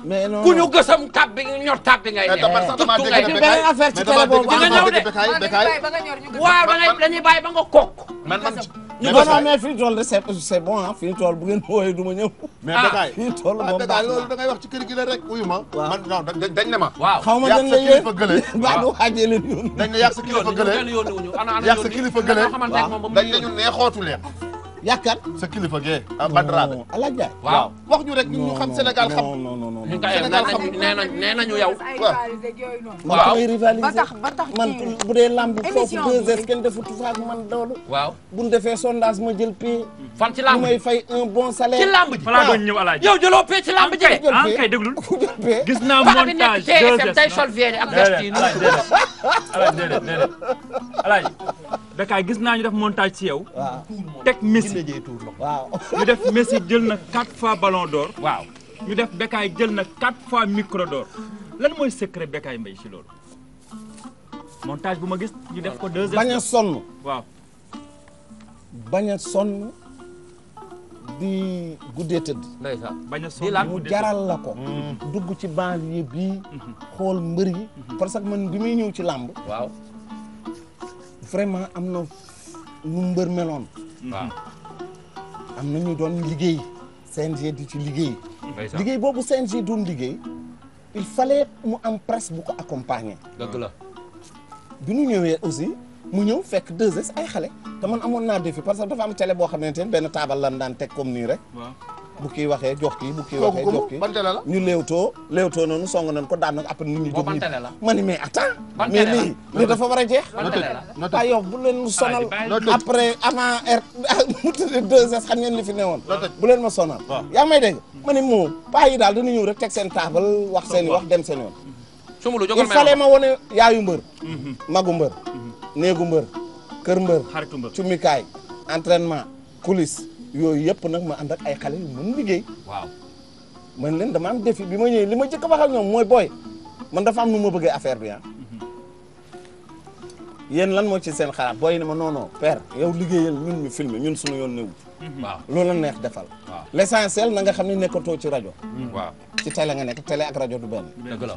mais non ku ñu gësam tab bi ñor tab bi ngay ne. tuttu ngay ne beneen affaire ci télé boobu. dina ñëw de waaw da ngay dañuy bàyyi ba nga kook. man
man ñu gëstu waaw
mais fi ñu toll de c' est c' est bon ah fi ñu toll bu ngeen wooyee du ma ñëw. mais Bécaye fi ñu toll moom baax na loolu da ngay wax ci kër gi la rek uyu ma. waaw man non dañ ne ma. waaw xaw ma dañ la yee baa du waajee leen yoon. dañ ne yàq sa kilifa gële yàq sa kilifa gële dañ ne ñu neexootu leen yaakaar sa kilifa gee. Ah, Badara oh. alaaj jaay waaw wax ñu rek ñun ñu xam Sénégal xam. non non non Sénégal xam nee nañu nee nañu yow.
waaw ba tax ba tax man
bu dee lamb foofu 2S kenn defut faak man loolu. waaw bu ñu defee sondage ma jël pay. fan ci lamb ji may fay un bon salaire. ci lamb ji waaw ñëw alaaj yow jëloo pay ci lamb ji de. ah kay déglul gis naa montage 2S. ak des yi nu mu. alaaj déedéet déedéet alaaj Bécaye gis naa ñu def montage ci yow. teg Messi waaw ñu def Messi jël na quatre fois ballon d'or. waaw ñu def Bécaye jël na quatre fois micro d'or lan mooy secret Bécaye Mbaye ci loolu montage bu ma gis. ñu def ko deux heures bañ sonn. waaw bañ a guddee tëdd. ndeysaan bañ a mu jaral la ko. Mm. dugg ci banlieue bii. Mm-hmm. xool mbër yi. Mm-hmm. parce que man bi muy ñëw ci làmb. vraiment am na nu mbër meloon. am na ñu doon liggéey CNG di ci liggéey. liggéey boobu seen CNG doon liggéey. il fallait mu am presse bu ko accompagner. dëgg la bi ñu ñëwee aussi mu ñëw fekk 2S ay xale. te man amoon naa défi parce que dafa am télé boo xamante ne benn taabal lan daan teg comme nii rek. bu kii waxee jox ki bu kii waxee jox kii ñu léewtoo léewtoo noonu song nañ ko daan nag après nit ñi jóg ñi ma ni mais attends mais lii lii dafa war a jeex ay ah, yow bu leen sonal après avant r mu tudde deux heures xam ngeen li fi newoon bu leen ma sonal yaa may dégg ma ni moom paa yi daal dana ñëw rek teg seen taabal wax seen i wax dem seen yoon il fallait ma wane yaayu mbër mhm. magu mbër mhm. néegu mbër kër mbër cumikaay entraînement coulisse yooyu yëpp nag ma ànd ak ay xale yu mën liggéey. waaw man leen dama am bi ma ñëwee li ma jëkk ba waxal ñoom mooy booy man dafa am nu ma bëggee affaire bi ah. Mm-hmm. yéen lan moo ci seen xalaat booy ne ma non non père yow liggéeyal ñun ñu filmer ñun suma yoon néew. Mm-hmm. waaw loolu la neex defal. waaw l' na nga xam ne nekkatoo ci rajo. Mm-hmm. waaw ci télé nga nekk télé ak rajo du benn.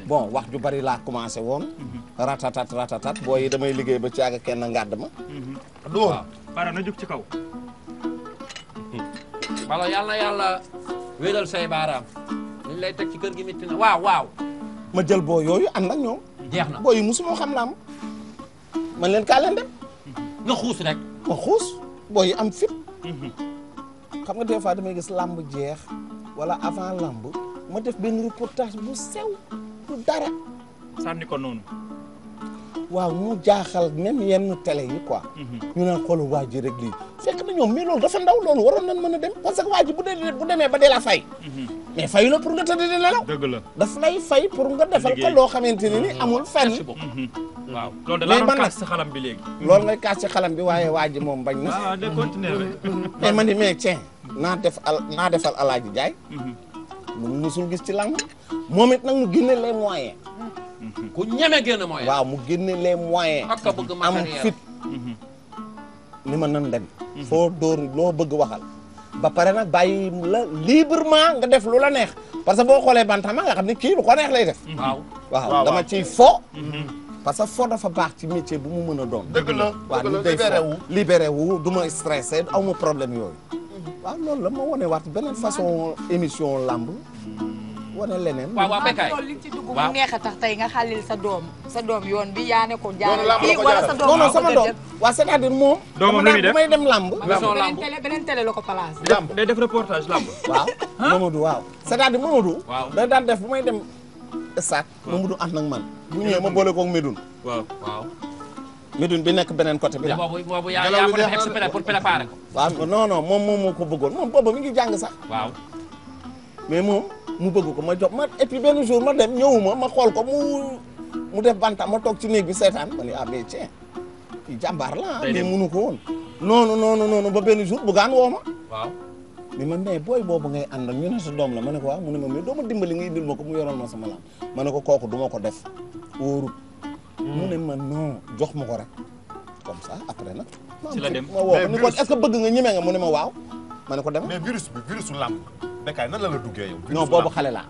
bon wax ju bari laa commencé woon. ratatat ratatat booy yi damay liggéey ba ci caaga kenn ngàdd ma. waaw na jóg bala yàlla na yàlla wéral say baaraam liñ lay teg ci kër gi métti na waaw waaw ma jël boo yooyu am na ñoom jeex na boo yi mosumoo xam làmb man leen kaa leen dem nga xuus rek ma xuus boo yi am fit mhm. xam nga des fois damay gis làmb jeex wala avant làmb ma def benn reportage bu sew du dara sànni ko noonu waaw mu jaaxal même yenn télé yi quoi. Mhm. ñu naan xoolu waa ji rek lii fekk na ñoom mais loolu dafa ndaw loolu waroon nañ mën a dem parce que waa ji bu dee demee ba dee la fay. Mhm. mais fayu la pour nga tëdd di la daf lay fay pour nga defal ko loo xamante ne ni mhm. amul fenn. waaw loolu de laa doon kaas ci xalam bi léegi. loolu ngay kaas ci bi waaye waa ji moom bañ na. waaw ah, de continuer rek. mais man de mais tiens naa def al naa defal alaaji jaay. mu musul gis ci làmb moom it nag mu génne les moyens. ku ñeme génne moyen. waaw mu génne les moyens. ak bëgg am fit. ni ma nan dem. foo dóor loo bëgg waxal. ba pare nag bàyyi la librement nga def lu la neex parce que boo xoolee banta ma xam ni kii lu ko neex lay def. Mm-hmm. waaw waaw dama ci fo. Mm-hmm. parce que foo dafa baax ci métier bu mu mën a doon. dëgg la dëgg la libéré wu libéré wu du ma stressé aw ma problème yooyu. Mm-hmm. waaw loolu la ma wane waat beneen façon émission lamb. wane waaw
waaw a tax nga xalil sa doom sa doom yoon bi yaa ko jaarale sa doom non non sama doom waaw c'est-à-dire moom.
doomam lu muy la
ko place. lamb
day def reportage lamb. waaw Mamadou waaw. c'est-à-dire daan def bu may dem sac. Mamadou ànd ak man. bu ñëwee ma boole koog Médoune. waaw waaw. Médoune bi nekk beneen côté la. boobu ko def exprès pour préparer ko. waaw non non moom moom moo ko bëggoon moom boobu mi ngi jàng sax. waaw moom. mu bëgg ko ma jox ma et puis ma dem ñëwuma ma xool ko mu mu def banta ma toog ci néeg bi seetaan ma ne ah mais tiens kii jàmbaar la ah. mais munu noo woon. noonu noonu noonu ba benn jour bugaan woo ma. waaw. ni ma mais booy boobu ngay àndal ñu ne sa doom la ma ne ko waaw mu ne ma mais doo dimbali nga indil ma ko mu yoroon ma sama laam ma ne ko kooku du ko def wóorut. mu ne ma non jox ma ko rek comme ça après nag. ci la dem ma woo ko ni ko est-ce bëgg nga ñeme nga mu ne ma waaw. ma ne ko demal mais virus bi virusu làmb Bécaye na la la duggee yow. non boobu xale la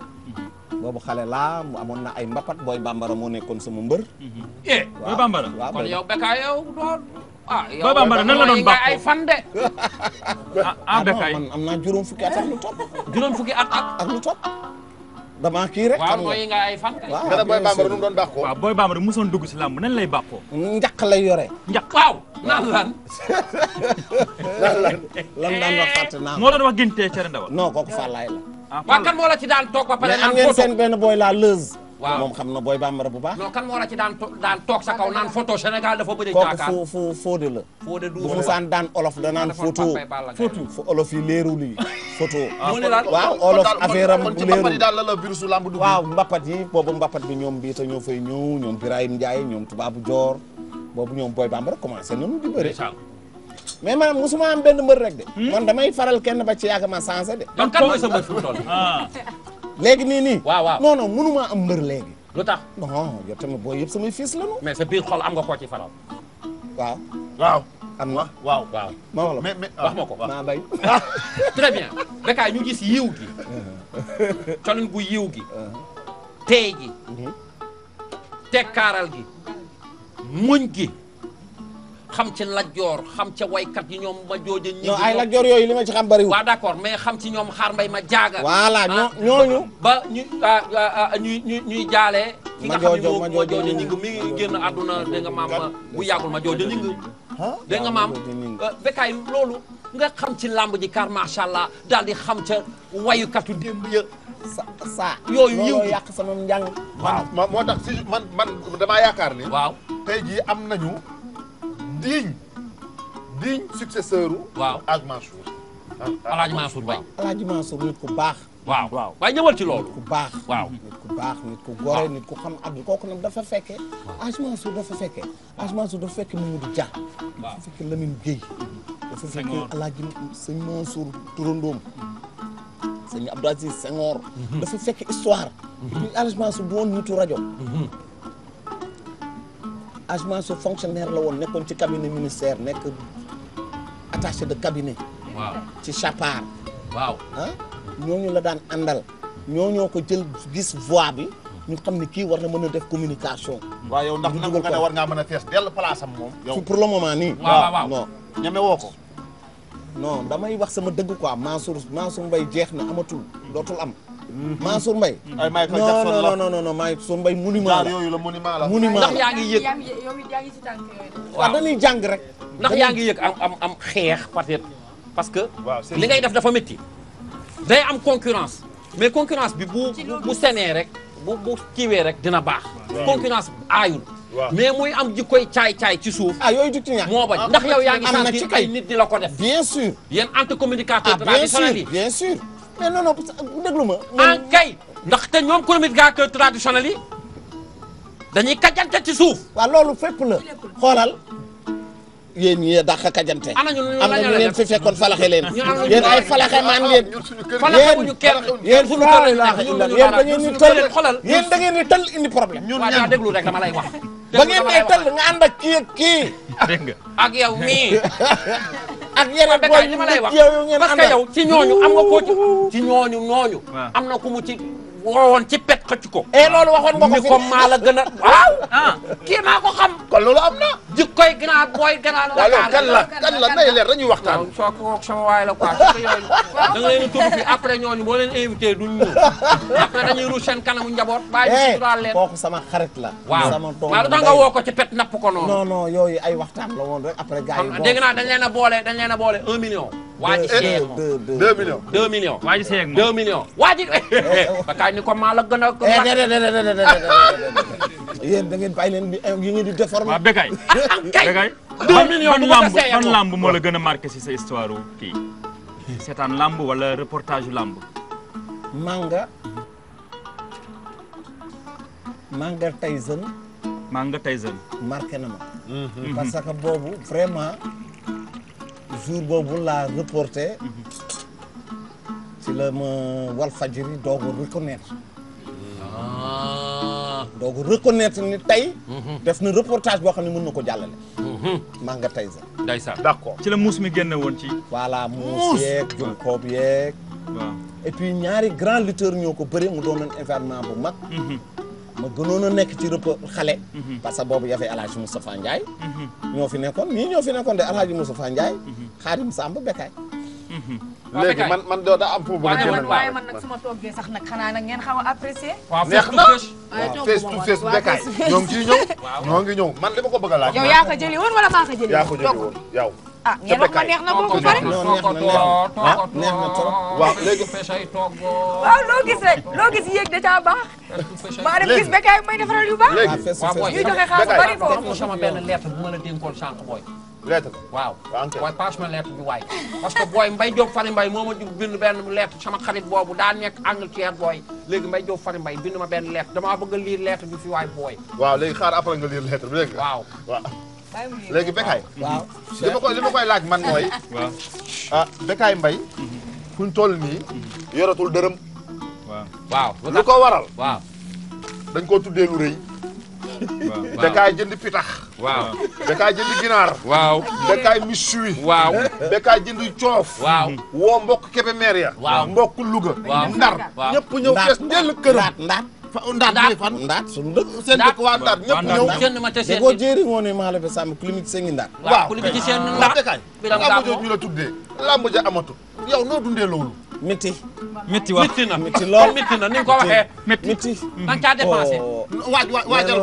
boobu xale laa mu amoon na ay mbapat booy bambara moo nekkoon sama mbër. Mm-hmm. eh booy bambara kon yow Bécaye yow doo. ah na bambara nan la doon bàqoo ay fan de. ah ah, ah am naa juróom fukki at ak lu topp. juróom at ak lu dama kii rek. waaw mooy nga ay fan. waaw nga ne Boy Bambara nu mu doon bàqoo. waaw Boy Bambara mu musoon dugg si làmb nan lay bàqoo. njaq lay yore. njaq waaw lan lan. lan lan lan daan wax fàtte naa. moo doon wax gën tee cere ndaw. non kooku Fallaye la. ah Fallaye waaw kan moo la ci daan toog ba pare. naan kóoto mais am ngeen seen benn boy la lëz. waaw moom xam na booy bambara bu baax. non kan moo la ci daan daan toog sa kaw naan photo Sénégal dafa bëri. jaakaar kooku foo foo de la. foo de bu mu saan daan olof da naan photo. photo fu olof yi leerul yi photo. waaw olof affaire am leerul kon daal la la virusu lamb dugg. waaw mbapat yi boobu mbapat bi ñoom Mbiita ñoo fay ñëw ñoom Birahim Ndiaye ñoom Tubaabu Joor boobu ñoom booy bambara commencé nañu di bëre. mais maanaam musuma am benn mbër rek de. Hmm? man damay faral kenn ba ci yàgg ma sensé de. ban kan mooy sa mbër fi mu toll léegi nii nii. waaw waaw non am mbër léegi. lu tax non yow tamit booy yëpp samay fils lañu. mais sa biir xol am nga koo ci faral. waaw. waaw waaw waaw. ma ko maa ah. bay. très bien Bécaye ñu gis yiw gi. colin gu yiw gi. Uh-huh. tey gi. Mm-hmm. tekkaaral gi. muñ gi. xam ci lajjoor xam ca kat yi ñoom ma jooja. ñi ay lajjoor yooyu li ma ci xam bariwul. waaw d'accord mais xam ci ñoom xaar mbay ma jaaga. voilà ah. ñooñu. ba ñu ah, ah, ñuy ñuy ñuy jaale. ma joojo ma joojo nga xam ne ma jooja génn àdduna dégg nga bu yàggul ma jooja ñi nga. ah dégg nga maam bekkaay loolu nga xam ci làmb ji kar macha allah daal di xam ca wayukatu démb ya. sa sa yooyu yëngu yàq sama njàng. waaw moo tax si man man damaa yaakaar ni. waaw tey jii am nañu. digne digne successeur u waaw Aj Mansour Alaaji baax waaw waaw waaye ñëwal ci loolu nit baax waaw nit ku baax nit ku gore nit ku xam addu kooku nag dafa fekke Aj Mansour dafa fekke Aj Mansour dafa fekke Mamadou Dia dafa fekke Lamine Gueye dafa fekke Alaaji sëñ Mansour turandoom sëñ Abdou Aziz Senghor mhm. dafa fekke histoire ñu mhm. du woon nitu rajo mhm. Hadj Mansour fonctionnaire la woon nekkoon ci cabinet ministère nekk attaché de cabinet. waaw ci Chapar. waaw ah la daan àndal ñooñoo ko jël gis voix bi ñu xam ne kii war na mën a def communication. waaye yow ndax nangu nga ne war ngaa mën a fees dell place am moom. yow pour le moment nii. waaw waaw non ñeme woo ko. non damay wax sama dëgg ko quoi Mansour Mansour Mbaye jeex na amatul lootul am. Mansour Mbaye. ay Michael Jackson la non non non non Mansour Mbaye monument la la monument la. ndax yaa ngi yëg. rek. ndax yaa ngi yëg am am am xeex peut-être parce que. li ngay def dafa métti. day am concurrence mais concurrence bi bu bu senee rek bu bu kiiwee rek dina baax. concurrence aayul. mais muy am jikkoy caay-caay ci suuf. ah yooyu dugg ci moo bañ ndax yow yaa ngi sentir ay nit di la ko def. bien sûr yéen entre communicateurs ah, bien sûr mais non non euh, déglu ma. ah kay ndaxte ñoom kuréel gàkk traditionnel yi dañuy kajante ci suuf. waaw loolu fépp la xoolal. yéen ñii dàq kajante. am na ñu leen fi fekkoon falaxe leen. yéen ay falaxe maan ngeen. falaxewuñu kenn yéen suñu tëral yéen da ngeen ñu tëral yéen da ngeen ñu tëral indi problème. ñun ñun déglu rek dama lay wax. ba ngeen ay tëral nga ànd ak kii ak kii. dégg nga ak yow mii. ak yeneen booy yu nit yow yu ngeen àndal parce que yow ci ñooñu am nga koo ci ci ñooñu ñooñu am na ku mu ci waroon ci pet xëcc ko. e loolu waxoon nga ko fi ko maa la gën a. waaw ah. kii maa ko xam. kon loolu am na. jikkoy grand booy grand. waaw kan la kan la nay leer dañuy waxtaan. waaw soo ko sama waay la quoi parce que yooyu. da nga leen tudd fi après ñooñu boo leen invité duñ ñëw après dañuy ruus seen kanamu njaboot. bàyyi ñu eh, suturaal leen kooku sama xarit la. waaw sama tool waaw lu tax nga woo ko ci pet napp ko noonu. non non yooyu ay waxtaan la woon rek après. gars yi dégg naa dañ leen a boole dañ leen a boole un million.
waa ji seeg moom
deux millions deux millions. waa ji seeg moom deux millions waa ji. ni ko maa la gën a. yéen da ngeen bàyyi leen bi eh, yi ngeen di déformé. Ah, moo la
gën a marqué si sa histoire kii.
seetaan lamb wala reportage lamb. Manga. Manga Tyson. Manga Tyson. marqué na ma. Mhm. parce que boobu vraiment jour boobu la reporté. Mhm. ci la ma Walfadjri doog a reconnaître ah. doog a reconnaître ni tey mhm. def na reportage boo xam ne mën na ko jàllale mhm. maa nga tey sax ndeysaan d'accord ci la muus mi génne woon ci voilà muus yeeg junkoob yeeg waaw et ñaari grand lutteur ñoo ko bëri mu doonoon événement bu mag mhm. ma gënoon a nekk ci repo xale parce que boobu yafee alhaji Moustapha Ndiaye ñoo fi nekkoon ñii ñoo fi nekkoon de alhaji Moustapha Ndiaye xaadim Samba Bekaay léegi man man doo daa am fu mu bëgg a jënd man nag su
ma toggee sax nag xanaa ngeen xaw a apprécié. neex na face to face bekkaay ñoo ngi ciy ñëw.
ñoo ngi ñëw man li ma ko bëgg a laaj. yow yaa ko
jëli woon wala maa ko jëli. yaa ko jëli woon yow. Ah, ngeen ma neex na boobu pare. Ah, neex
na trop waaw léegi.
waaw loo gis rek loo gis yéeg da caa baax. maa dem gis bekkaay may defaral yu baax. léegi ñuy joxe xaalis bari ko. sama benn lettre bu ma la
dénkoon lettre waaw waaye passe ma lettre bi waay parce que booy mbay Diop mbay moo ma bind benn lettre sama xarit boobu daa nekk Angleterre booy léegi mbay Diop fari mbay bind ma benn lettre damaa bëgg a lire bi fi waay booy waaw léegi xaar après nga lire lettre bi léegi waaw waaw léegi Bécaye waaw li li ma koy laaj man mooy ah Bécaye Mbaye fu ñu toll nii yoratul dërëm waaw lu ko waral waaw dañ koo tuddee da kaay jënd pitax. waaw da kaay jënd ginaar. waaw da kaay misui. waaw da kaay jënd coof. waaw woo mbokk Kébé meer ya. waaw mbokk Louga. waaw ndar ñëpp ñëw fees jël këram ndaat ndaat fan ndaat sunu dëkk seen dëkk waa ndaat ñëpp ñëw kenn ma te seen boo jéeri moo ne maa la fi sàmm clinique sengi ndaat waaw clinique seen ndaat lamb jooju ñu la tuddee lamb ja amatu yow noo dundee loolu métti. métti waaw métti na métti lool métti na ni ko waxee. métti da nga caa dépensé. Oh. waaj waajal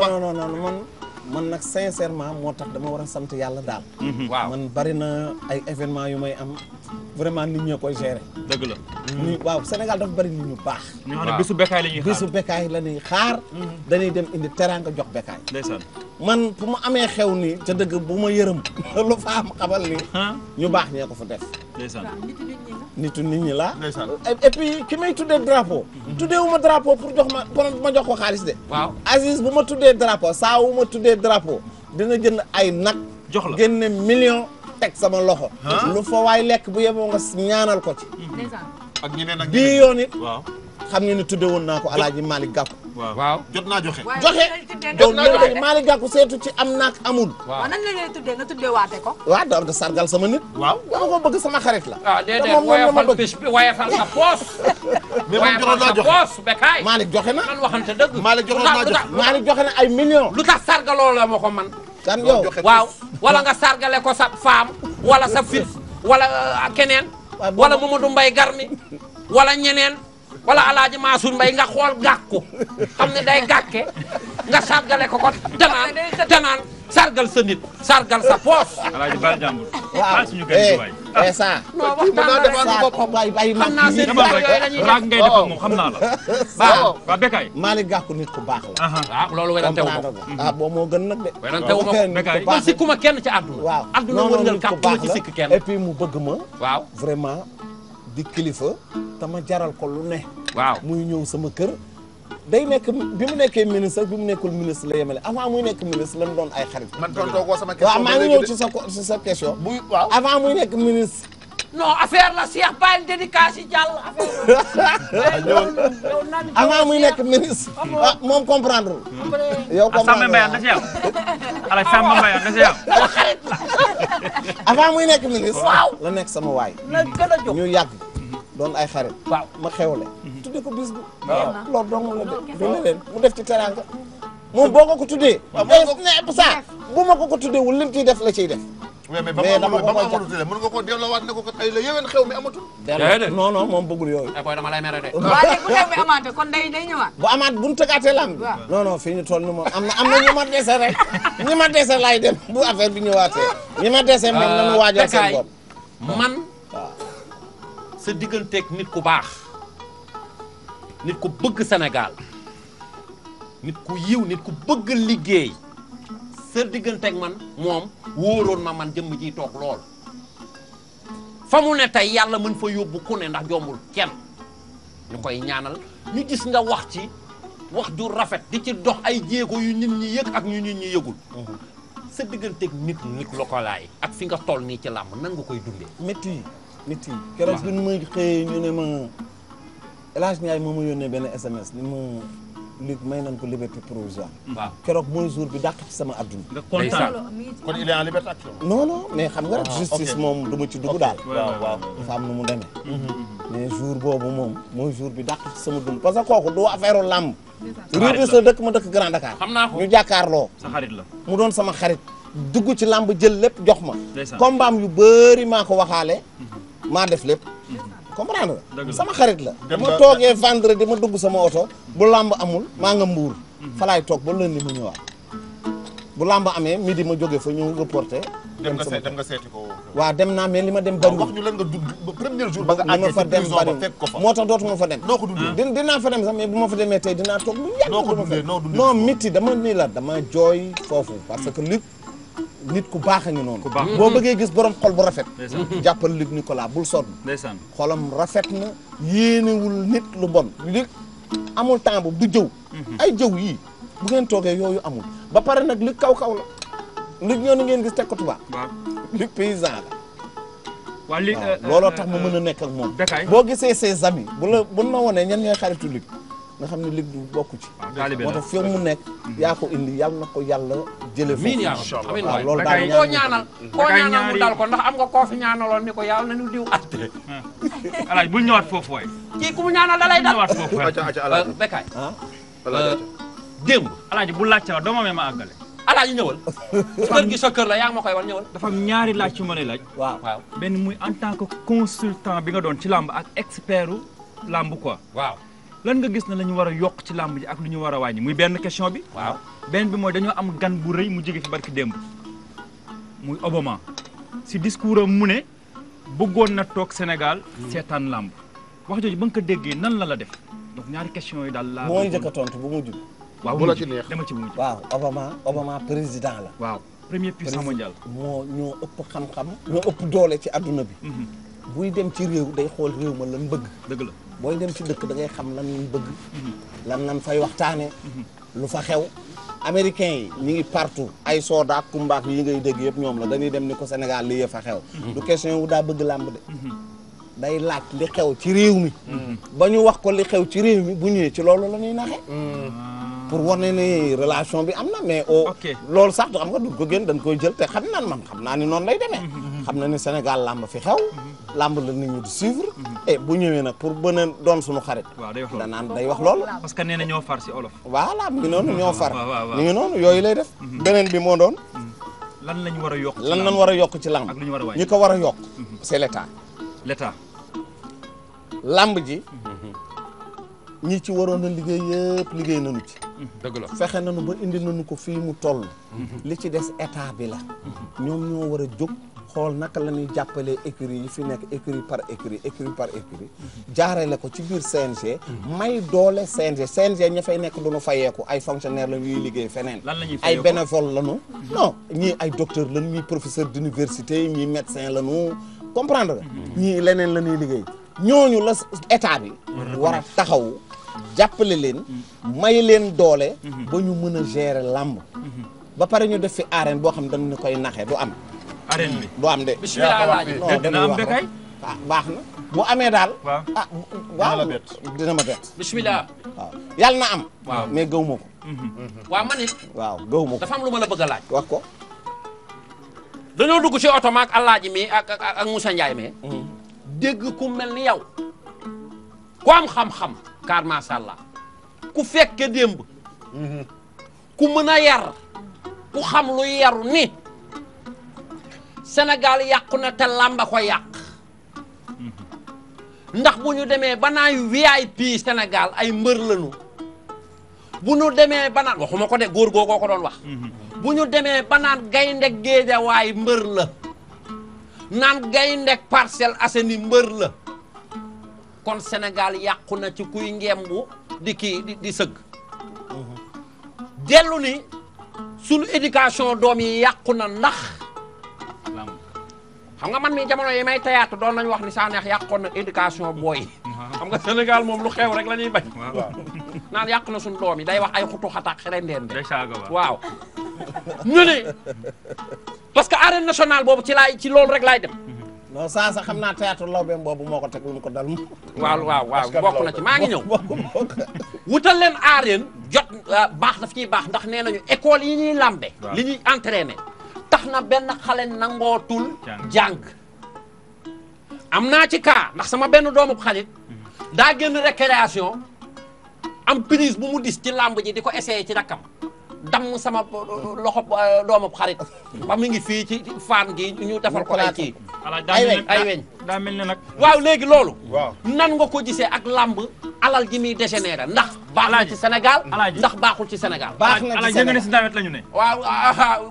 man nag sincèrement moo tax dama war a sant yàlla daal. Mhm. waaw man bari na ay événement yu may am vraiment nit ñee koy gérer. dëgg la. ñu waaw Sénégal dafa bari nit ñu baax. ñu xam ne bisu bekkaay la ñuy xaar bisu bekkaay la ñuy xaar. Mhm. dañuy dem indi teraanga jox bekkaay. ndeysaan man bu ma amee xew ni ca dëgg bu ma yërëm lu fa am xabal ni ñu baax ñee ko fa def. ndeysaan nitu nit ñi la et ki may tuddee drapeau. Mhm. tuddee wu ma drapeau pour jox ma pour ma jox ko xaalis de. waaw Aziz bu ma tuddee drapeau saa wu ma tuddee jëndee drapeau jënd ay nag. jox la génne million teg sama loxo. lu fa waay lekk bu yeboo nga ñaanal ko ci. ak ñeneen ak ñeneen yoon it. xam nga ni tudde woon naa ko El Hadj Malick Gakou. waaw jot naa joxe. joxe jot naa joxe Malick Gakou seetu ci am naak amul. waaw
nan la ñuy tuddee nga tuddee ko.
waaw dama da sargal sama nit. waaw dama ko bëgg sama xarit la. ah déedéet woyofal bés bi woyofal sa poos. mais moom jotoon naa joxe woyofal sa poos joxe na man waxante dëgg. Malick joxe naa joxe Malick joxe na ay millions. lu tax sargaloo la ma ko man. kan yow waaw wala nga sargale ko sa femme wala sa fils wala euh, keneen. wala Mamadou Mbaye Garmi wala ñeneen. wala alaaji Mansour Mbaye nga xool gàkku xam ne day gàkke nga sargale ko ko danaan danaan sargal sa nit sargal sa poos. alaaji baal jàmbur. waaw suñu gën waay. eh saa. Eh, non waxtaan na saa ko waay waay man nit ku baax raag ngay def ak moom xam naa la. waaw oh. waaw Bécaye. Malick Gakou nit ku baax la. waaw ah, loolu werantewu ma ko. ah boobu moo gën nag de. werantewu ma ko Bécaye man sikkuma kenn ci àdduna. waaw non non nit ku baax la àdduna wërngal kàpp ma ci sikk kenn. et puis mu bëgg ma. waaw vraiment. di kilifa te jaral ko lu ne. waaw muy ñëw sama kër. day nekk bi mu nekkee ministre bi mu nekkul ministre la yemale avant muy nekk ministre lan doon ay xarit. man tontu ko sama question waaw sa ci sa question. buy avant muy nekk ministre. non affaire la si Baye dédicace yi jàll affaire la. avant muy nekk ministre. ah moom comprendre la. yow comprendre la waaw ala muy nekk ministre. waaw la nekk sama waay. la gën a ñu yàgg doon ay xarit. waaw ma xewle. tudde ko bis bi. waaw loolu dong la de dund leen mu def ci teraanga. moom boo ko ko tuddee. waaw boo ko ko tuddee bu ma ko ko tuddee wul lim ciy def la ciy def. mais ba mu amul télé mën nga ko delloowaat ne ko ay la yéwén xew mi amatul. non non moom bëggul yooyu. Eh, waaw léegi
bu xew mi amaatee kon day day ñëwaat. bu
amaat bu ñu tëggaatee lamb bi. non non fii ñu toll nii moom am na am na ñu ma dese rek ñi ma dese laay dem bu affaire bi ñëwaatee. ñi ma dese moom euh, nañu waajal seen bopp. man sa digganteeg nit ku baax nit ku bëgg Sénégal nit ku yiw nit ku bëgg liggéey. sa teg man moom wóoroon ma man jëmm ji toog lool fa mu ne tey yàlla mën fa yóbbu ku ne ndax jombul kenn ñu koy ñaanal ñu gis nga wax ci wax ju rafet di ci dox ay jéego yu nit ñi yëg ak ñu nit ñi yëgul mhm. sa digganteeg nit nit lokalaay ak fi nga toll nii ci làmb nan nga koy dundee métti yi métti yi keroog bi ñu may xëyee ñu ne ma El Hadj Ndiaye moo ma yónnee benn SMS Luc may nañ ko liberté provisoire. waaw keroog mooy jour bi dàq ci sama adduna. nga kontaan kon il est en liberté mais xam nga rek ah, justice moom du ma ci dugg daal. waaw waaw dafa am nu mu demee. Mm-hmm. Mm-hmm. mais jour boobu moom mooy jour bi dàq ci sama dund parce que kooku du affaire làmb. réer sa dëkk ma dëkk Grand Dakar. naa ko ñu jàkkaarloo. sa la mu doon sama xarit. dugg ci làmb jël lépp jox ma. combat am yu bëri maa ko waxaale. Mm-hmm. maa def lépp. comprendre nga sama xarit la dama toogee vendredi ma dugg sama oto bu làmb amul maa nga mbuur mhm. fa laay toog ba lundi mu ñëwaat bu làmb amee midi ma jógee fa ñëw reporté dem nga seet dem nga seeti ko waa dem naa mais ma dem bariwul ñu lan nga dund ba premier jour ba nga àggee ci prison ba moo tax dootuma fa dem noo ko dundee dinaa fa dem sax mais bu ma fa demee tey dinaa toog lu yàgg noo ko dundee dama nii la dama jooy foofu parce que Luc nit ku baax a ngi noonu boo bëggee gis borom xol bu rafet jàppal Luc Nicolas bul sonn xolam rafet na yéenewul nit lu bon Luc amul temps boobu du jëw mhm. ay jëw yii bu ngeen toogee yooyu amul ba pare nag Luc kaw kaw la Luc ñoonu ngeen gis teg ko tubaab Luc paysan la
waaw euh, looloo euh, tax mu mën a
euh, nekk ak moom boo gisee ses amis bu la bu na wonee ñan xaritu Luc nga xam ne lig du bokk ci moo tax fi mu nekk mm-hmm. yaa indi yàlla na ko yàlla jële foofu waaw loolu daal koo ñaanal koo mu dal ko ndax am nga koo fi ñaanaloon ni ko yàlla nañu diw atte alaaj bul ñëwaat foofu waay kii ku mu ñaanal da lay dal bekaay ah? uh, démb bu laajte wax doomam ma àggale alaaji ñëwal kër gi sa kër la yaa ngi koy wal ñëwal dafa am ñaari laaj ci ma lay laaj benn muy en tant que consultant bi nga doon ci làmb ak expertu làmb quoi waaw lan nga gis na la war a yokk ci làmb ji ak lu ñu war a wàññi muy benn question bi. waaw benn bi mooy dañoo am gan bu rëy mu jóge fi barki démb. muy Obama si discours am mu ne bëggoon na toog Sénégal seetaan làmb wax jooju ba nga ko déggee nan la la def donc ñaari question yi daal laa. mooy njëkk tontu bu mujj. waaw bu la ci xam dama ci mujj. waaw Obama président la. waaw premier puissance mondiale. moo ñoo ëpp xam-xam. ñoo ëpp doole ci àdduna bi. Mhm. buy dem ci réew day xool réew ma bëgg. dëgg la. booy dem ci dëkk da ngay xam lan lañ bëgg lan lañ fay waxtaane lu fa xew américains yi ñu ngi partout ay soodaak kumbaak yi ngay dégg yëpp ñoom la dañuy dem ni ko Sénégal li fa xew du question wu daa bëgg làmb de day laaj li xew ci réew mi mm. ba ñu wax ko li xew ci réew mi bu ñëwee ci loolu la ñuy naxe mm. pour wane ni relation bi am na mais o loolu sax xam nga du ko gën dañ koy jël te xam naan man xam na ni noonu lay demee mhm. Mhm. xam na ni Sénégal làmb fi xew mhm. làmb la nit ñi di suivre bu ñëwee nag pour bën a doon suñu xarit danaan day wax loolu parce que nee na far si olof voilà mi ngi noonu ñoo far mi yooyu lay def beneen bi moo doon lan lañ war a yokk lan lañ war a yokk ci làmb ak lu ñu war a wàññi ñi ko war a yokk c'est l'état l'état ji ñi ci waroon a liggéey yëpp liggéey nañu ci dëgg la fexe nañu ba indi nañu ko fii mu toll. li ci des état bi la. ñoom ñoo war a jóg xool naka la ñuy jàppalee écurie yi fi nekk écurie par écurie écurie par écurie jaarale ko ci biir CNG. may doole CNG CNG ña fay nekk du ñu fayeeku ay fonctionnaire la ñuy liggéey feneen. lan la ñuy fayeeku ay bénévole la ñu. ñii ay docteur la ñu ñii professeur d' université ñii médecin la ñu comprendre mm-hmm. ñii leneen la ñuy liggéey ñooñu la état bi. war a taxaw. jàppale leen may leen doole mhm. ba ñu mën a gérer làmb mhm. ba pare ñu def fi arène boo xam ne dañu koy naxee du am bi du am de bismillah non ah, baax na bu amee daal ah ma bett bismillah waaw yàlla na am mais gëw ko
mhm.
waaw man it waaw gëw ma ko dafa am lu ma la bëgg a laaj wax ko dañoo dugg si oto ma ak Alaaji mi ak ak Moussa Ndiaye mi dégg ku mel ni yow ku am xam-xam kaar ku fekke démb ku mën a yar ku xam lu yaru ni senegal yàqu na te làmba ko yàq ndax bu ñu demee ba naan VIP Sénégal ay mbër lañu bu ñu demee ba naan waxuma ko de góor googoo ko doon wax bu ñu demee ba naan gaynde géejawaay mbër la naan gaynde Parcelles Assainies mbër la kon Sénégal yàqu na ci kuy ngembu di kii di di sëgg. dellu ni sunu éducation doom yi yàqu na ndax. xam nga man mi jamono yi may tayaatu doon nañu wax ni Sanex yàqoon na éducation booy xam nga Sénégal moom lu xew rek la ñuy bañ. naan yàq na suñu doom yi day wax ay xutu xataak xireen deen de. waaw. ñu ne parce que arène nationale boobu ci laay ci loolu rek laay dem. non saa sa xam naa théâtre lawbeem boobu moo ko teg wu nu ko dal. waaw waaw waaw bokk na ci maa ngi ñëw. wutal leen aareen jot euh, baax daf ciy baax ndax nee ñu école yi ñuy lambe. li ñuy entraîné. tax na benn xale nangootul. jàng am naa ci cas ndax sama benn doomu xalit mhm. daa génn récréation am prise bu mu dis ci làmb ji di ko essayé ci rakkam. damm sama uh, loxo uh, doomab xarit ba mu ngi fii ci faan gi ñu defal ko ay kii ay weñ daa mel ne nag waaw léegi loolu nan nga ko gisee ak làmb alal ji muy dégénéré ndax baaxul ci Sénégal ndax baaxul ci Sénégal baax na ci Sénégal ne si nawet la ñu ne waaw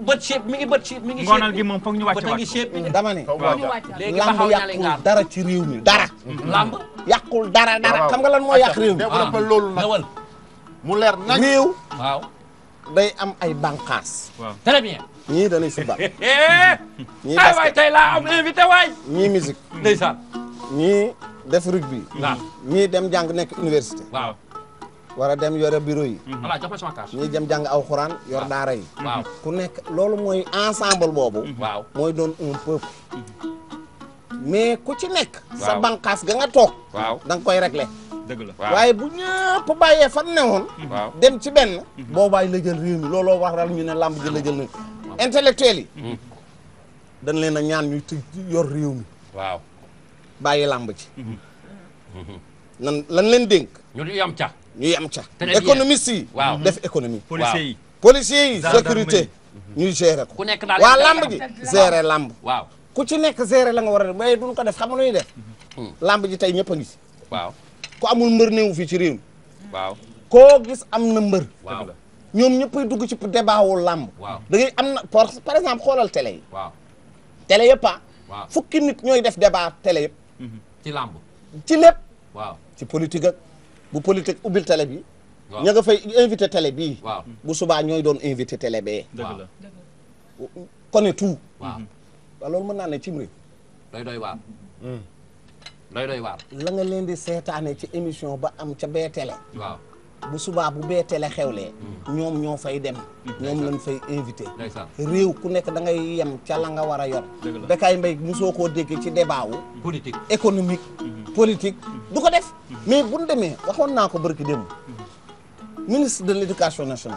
bët chep mi ngi bët chep mi ngi ngoonal gi moom foog ñu wàcc ngi chep dama ne léegi làmb yàqul dara ci réew mi dara mhm. làmb yàqul dara dara xam nga lan moo yàq réew mi développé loolu nag mu leer nañ réew waaw day am ay bànqaas. waaw ñii dañuy suba. ñii basket waay tey laa am invité waay. ñii musique. ndeysaan. ñii def rugby. dem jàng nekk université. a dem yore bureau yi. Mhm. voilà jox ñii dem jàng aw xuraan yor daara yi. ku nekk loolu mooy ensemble boobu. Mhm. waaw mooy doon un peuple. Mhm. mais ku ci nekk. sa bànqaas ga nga toog. waaw da nga koy réglé. dëgg la waaye bu ñëpp bàyyee fan newoon dem ci benn mhm. boobaay la jël réew mi looloo waral ñu ne làmb ji la jël nañ intellectuel yi mhm. dañ leen a ñaan ñu yor réew mi waaw bàyyi làmb ji lan mhm. lan leen dénk ñu yam ca ñu yam ca économiste yi waaw def économie policiers yi policiers yi sécurité ñuy gérer ku nekk daal waa làmb ji gérer làmb waaw ku ci nekk gérer la nga war a def waaye ko def xam nga ñuy def làmb ji tey ñëpp a ngi si ko amul mbër néew fii ci réew mi waaw koo gis am na mbër ñoom ñëppay dugg ci débat wu làmb da am na par exemple xoolal tele yi télé yëpp ah fukki nit ñooy def débat télé yëpp mhm. ci làmb ci lépp waaw ci politique bu politique ubbil télé bi ña nga fay invité télé bii bu subaa ñooy doon invité télé bee connaît tout mën naa ne cim réew doy doy waar. la nga leen di seetaane ci émission ba am ca bee télé. waaw bu subaa bu bee télé xewlee. Hmm. ñoom ñoo fay dem. Hmm. ñoom lañ fay invité. réew ku nekk da ngay yem ca la nga war a yor. dëgg Bécaye Mbaye soo koo dégg ci débat wu. politique économique. Hmm. politique du ko def. mais bu ñu demee waxoon naa ko barki démb. ministre de léducation éducation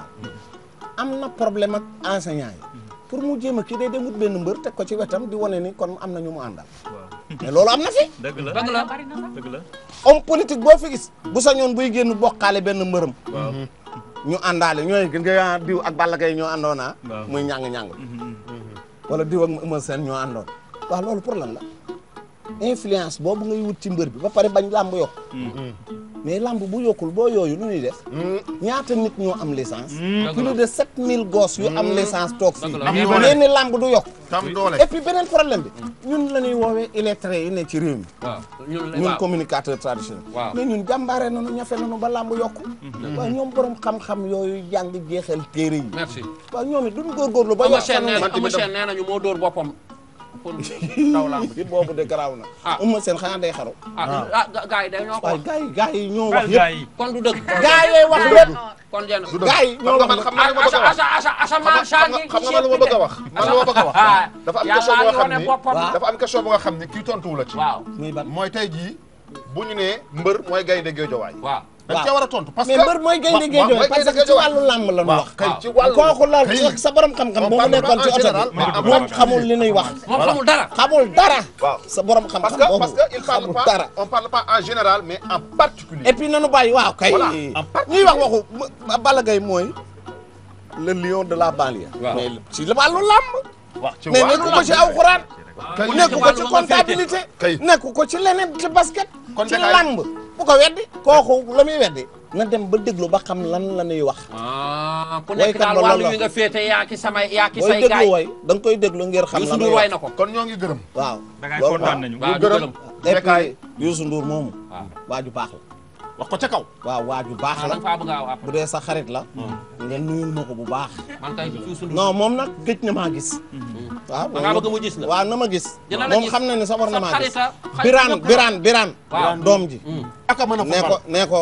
am na problème ak enseignants yi. pour mu jéem a kii day dem benn mbër teg ko ci wetam di wane ni kon am na ñu mu àndal. mais loolu am na fe
dëgg la dëgg la
homme politique boo fi gis. bu sañoon buy génn bokkaale benn mbërëm. waaw ñu àndaale ñooy gën nga diw ak Balla Gaye ñoo àndoon ah. muy ñàng-ñàng. Mhm. wala diw ak Eumeu Sène ñoo àndoon. loolu loolu lan la. influence boobu ngay wut ci mbër bi ba pare bañ làmb yokk mm-hmm. mais làmb bu yokkul boo yooyu lu ñuy def mm-hmm. ñaata nit ñoo am licence mm-hmm. plus de sept mille gosses yu am licence toog fii ngeen ni làmb du yokk et puis beneen problème bi ñun la ñuy woowee illettrés yi ne ci réew mi ñun communicateur traditionnel mais ñun jàmbaare nañu ñafe nañu ba làmb yokk waaw ñoom borom xam-xam yooyu jàng jeexal téere yi waaw ñoom it duñ góorgóorlu ba yokk nee nañu moo dóor boppam pour daw garaaw na. ah Eumeu Sène xanaa day xaru. ah ah, ah gars yi dañoo ko wax. waaw gars yi ñoo wax yëpp. kon du dëgg. gars yi wax lépp. kon jenn gars yi ñoo wax xam nga man xam nga lu ma a wax. man lu ma bëgg a wax. dafa am question boo xam ni dafa am xam ni kii tontuwu la ci. waaw muy mooy tey jii bu ñu nee mbër mooy gaynde Géejawaay. waaw. da nga cee war a tontu parce que mais mbër mooy gaynde géejooy parce que ci la ñu wax ci wàllu kooku la sa borom xam-xam boobu ci oto bi moom xamul li ñuy wax moom xamul dara xamul dara sa borom xam parce que il en général mais en particulier et puis nañu bàyyi waaw kay ñuy wax waxu Balla mooy le lion de la banlieue mais ci wàllu làmb mais nekku ko ci aw xuraan nekku ko ci comptabilité nekku ko ci leneen ci basket ci làmb bu ko weddi kooku la muy weddi na dem ba déglu ba xam lan la ñuy wax. Ah, ku nekk daal wàllu wi nga féete yaa ki samay yaa ki say gaay booy déglu waay da nga koy déglu ngir xam lan la ñuy wax na ko. kon ñoo ngi gërëm. waaw da ngay kontaan nañu waaw gërëm. Youssou Ndour moomu. waaw ah. waaju baax la. wax ko ca kaw. waaw waaj bu baax la bu dee sa xarit la. Hmm. nga nuyul ma ko bu baax. non moom nag gëj na maa gis. Hmm. waaw bëgg mu gis la waaw na ma gis. moom xam na ne sa war na maa gis. biraan doom ji. naka hmm. mën a nee ko nee ko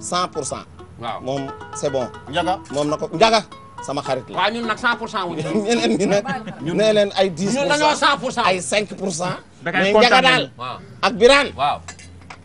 cent pour cent. waaw moom c'est bon. njaga moom na ko njaga. sama xarit la waaw ñun nag 100 pour cent wu ñu. ñu ne leen ay 10 pour cent ay 5 pour cent. daal ak biraan.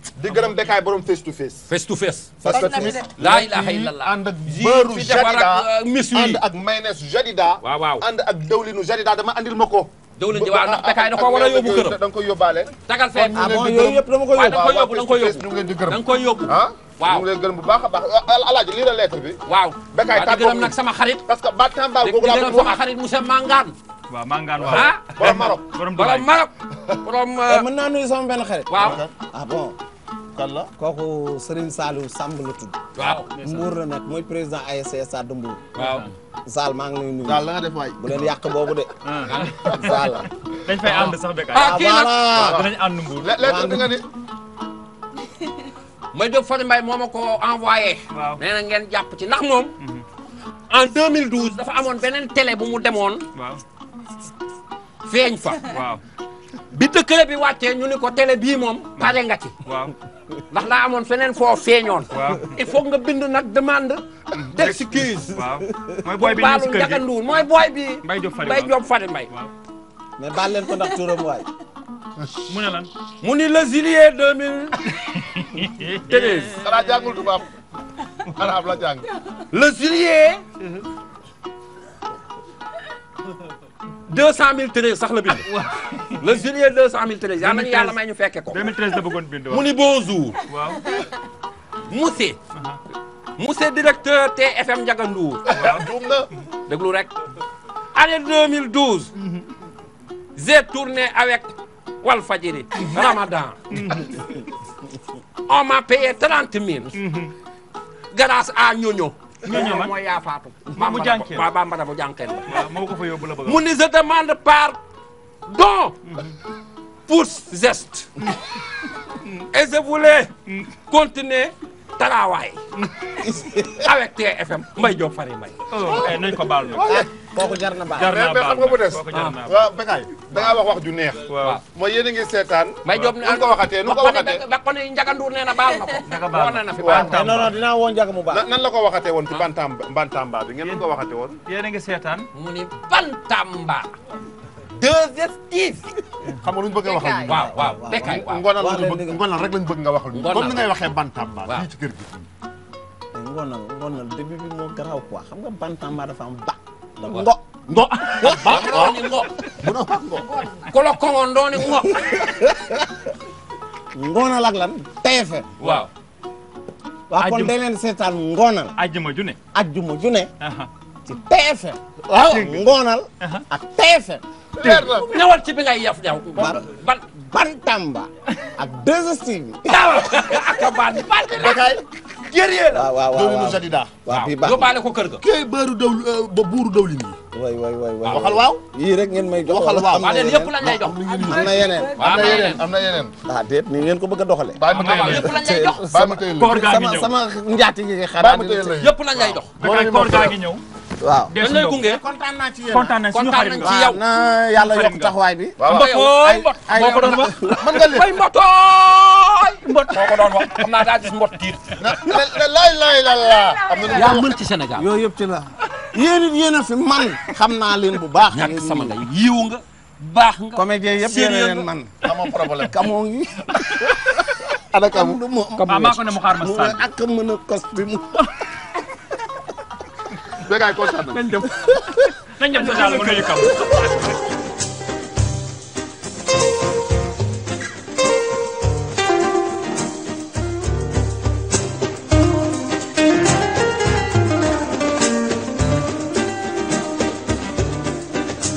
di gërëm Bécaye borom face to face. face to face. parce que tamit laa ilaaha illallah ànd ak beurre jadida euh, ànd ak mayonnaise jadida. waaw waaw ànd ak dawlinu jadida dama andil ma ko. dawlin ji waaw ndax Bécaye da koo war a yóbbu këram da nga koy yóbbaale. tagal fee ah bon yooyu yëpp dama koy yóbbu da nga koy yóbbu da nga koy yóbbu. waaw ñu ngi leen gërëm bu baax a baax alaaji lii la lettre bi. waaw Bécaye tàggoo gërëm nag sama xarit. parce que Bantamba googu laa bëgg sama xarit monsieur Mangane. waaw Mangane waaw. borom Maroc borom Maroc. borom euh, eh, mën naa nuyu sama benn xarit. waaw ah bon. kan la kooku Serigne Saliou Samb la tudd
waaw Mbour la
nekk mooy président ASC Stade Mbour waaw Sall maa ngi lay nuyu Sall la nga bu leen yàq boobu de ah. Sall
dañ fay ànd sax béykat ah, ah kii nag dinañ ànd
Mbour léegi nga ne may jóg Fane Mbaye moo ma ko envoyé nee na ngeen jàpp ci ndax moom mhm. en 2012 dafa amoon beneen télé bu mu demoon feeñ fa bi décret bi wàccee ñu ni ko télé bii moom pare nga ci. waaw ndax daa amoon feneen foo feeñoon. il faut nga bind nag demande. d'excuse. waaw booy bi ñu si kër gi mooy booy bi. Mbaye Diop Fari Mbaye Diop Fari Mbaye. mais baal leen ko ndax turam mu ne ni le juillet deux mille treize. xanaa jàngul tubaab araab 2013 sax la bind. le juillet 2013. yal nañu yàlla may ñu fekke ko. 2013 la bëggoon bind mu ni bonjour. waaw. monsieur. Uh-huh. monsieur directeur TFM Ndiaga Ndour. waaw dugg na. déglu rek. année 2012. Uh-huh. j'ai tourné avec Walfadjiri. Uh-huh. Ramadan. on m'a payé 30 000. grâce à ñoño. ñooñu man mooy yaa faatu. baa mbara bu jànkeen la. mu ni je demande pardon pour geste. et je voulais Talawaay avec TFM Mbaye Diop Fary Mbaye. Oh, eh, nañ ko baal ñu. kooku jar na baal jar naa da ngaa wax ju neex. waaw mooy yéen a ngi seetaan. Mbaye Diop nu ko waxatee ko waxatee ba ko ni Ndiaga nee na baal na ko. Ndiaga baal na fi baal non woo Ndiaga mu baal. nan la ko waxatee woon ci ah. Bantamba Bantamba bi ngeen ko waxatee woon. yéen a ngi seetaan. mu ni Bantamba. 2STV. xam nga lu ñu bëgg a waxal. waaw waaw Bécaye waaw ngonal la ñu bëgg ngonal rek lañ bëgg nga waxal. ngonal comme ni ngay waxee Bantamba. waaw fii ci kër gi. ngonal ngonal début bi moo garaaw quoi xam nga Bantamba dafa am ba. ngo ngo. ba ndooni ngo. bu doon wax ngo. kolo kongo ndooni ngo. ngonal ak lan TFM. waaw. waa kon day leen seetaan ngonal. ajjuma ju ne. ajjuma ju ne. ci TFM. waaw ngonal. ak TFM. ñëwal ci bi ngay yaf yow. ban Bantamba ak 2STV. daaw ak ban Bantamba. gërëyee la waaw waaw waaw Sadida. waaw yóbbaale ko kër ga. kii bëru daw eh, ba buuru dawli nii. waay waay waay waaw. yii rek ngeen jox waxal na yeneen yëpp lañ lay jox. am na yeneen am na yeneen am na yeneen. ah déet ni ngeen ko bëgg a doxalee. baax na yëpp lañ lay jox. sama sama njaati gi xanaa yëpp lañ lay jox. koor gaa ngi ñëw waaw dañ lay gunge kontaan naa ci yéen kontaan naa ci ñu xarit nga waaw na yàlla yokk taxawaay bi mbotooy mbot moo ko doon wax mën nga leen mbotooy mbot moo ko doon wax xam naa daa gis mbot tiir lay lay la la yaa mën ci Sénégal yooyu yëpp ci la yéen it yéen a fi man xam naa leen bu baax ñàkk sama nga yiw nga baax nga comédien yëpp yéen a leen man amoo problème kamoo ngi ana kamu kamu ah, maa ko ne mu xaar ma ak mën a costume béykat yi kontaan nañu.
nañ dem nañ dem social ba nuyu Kama.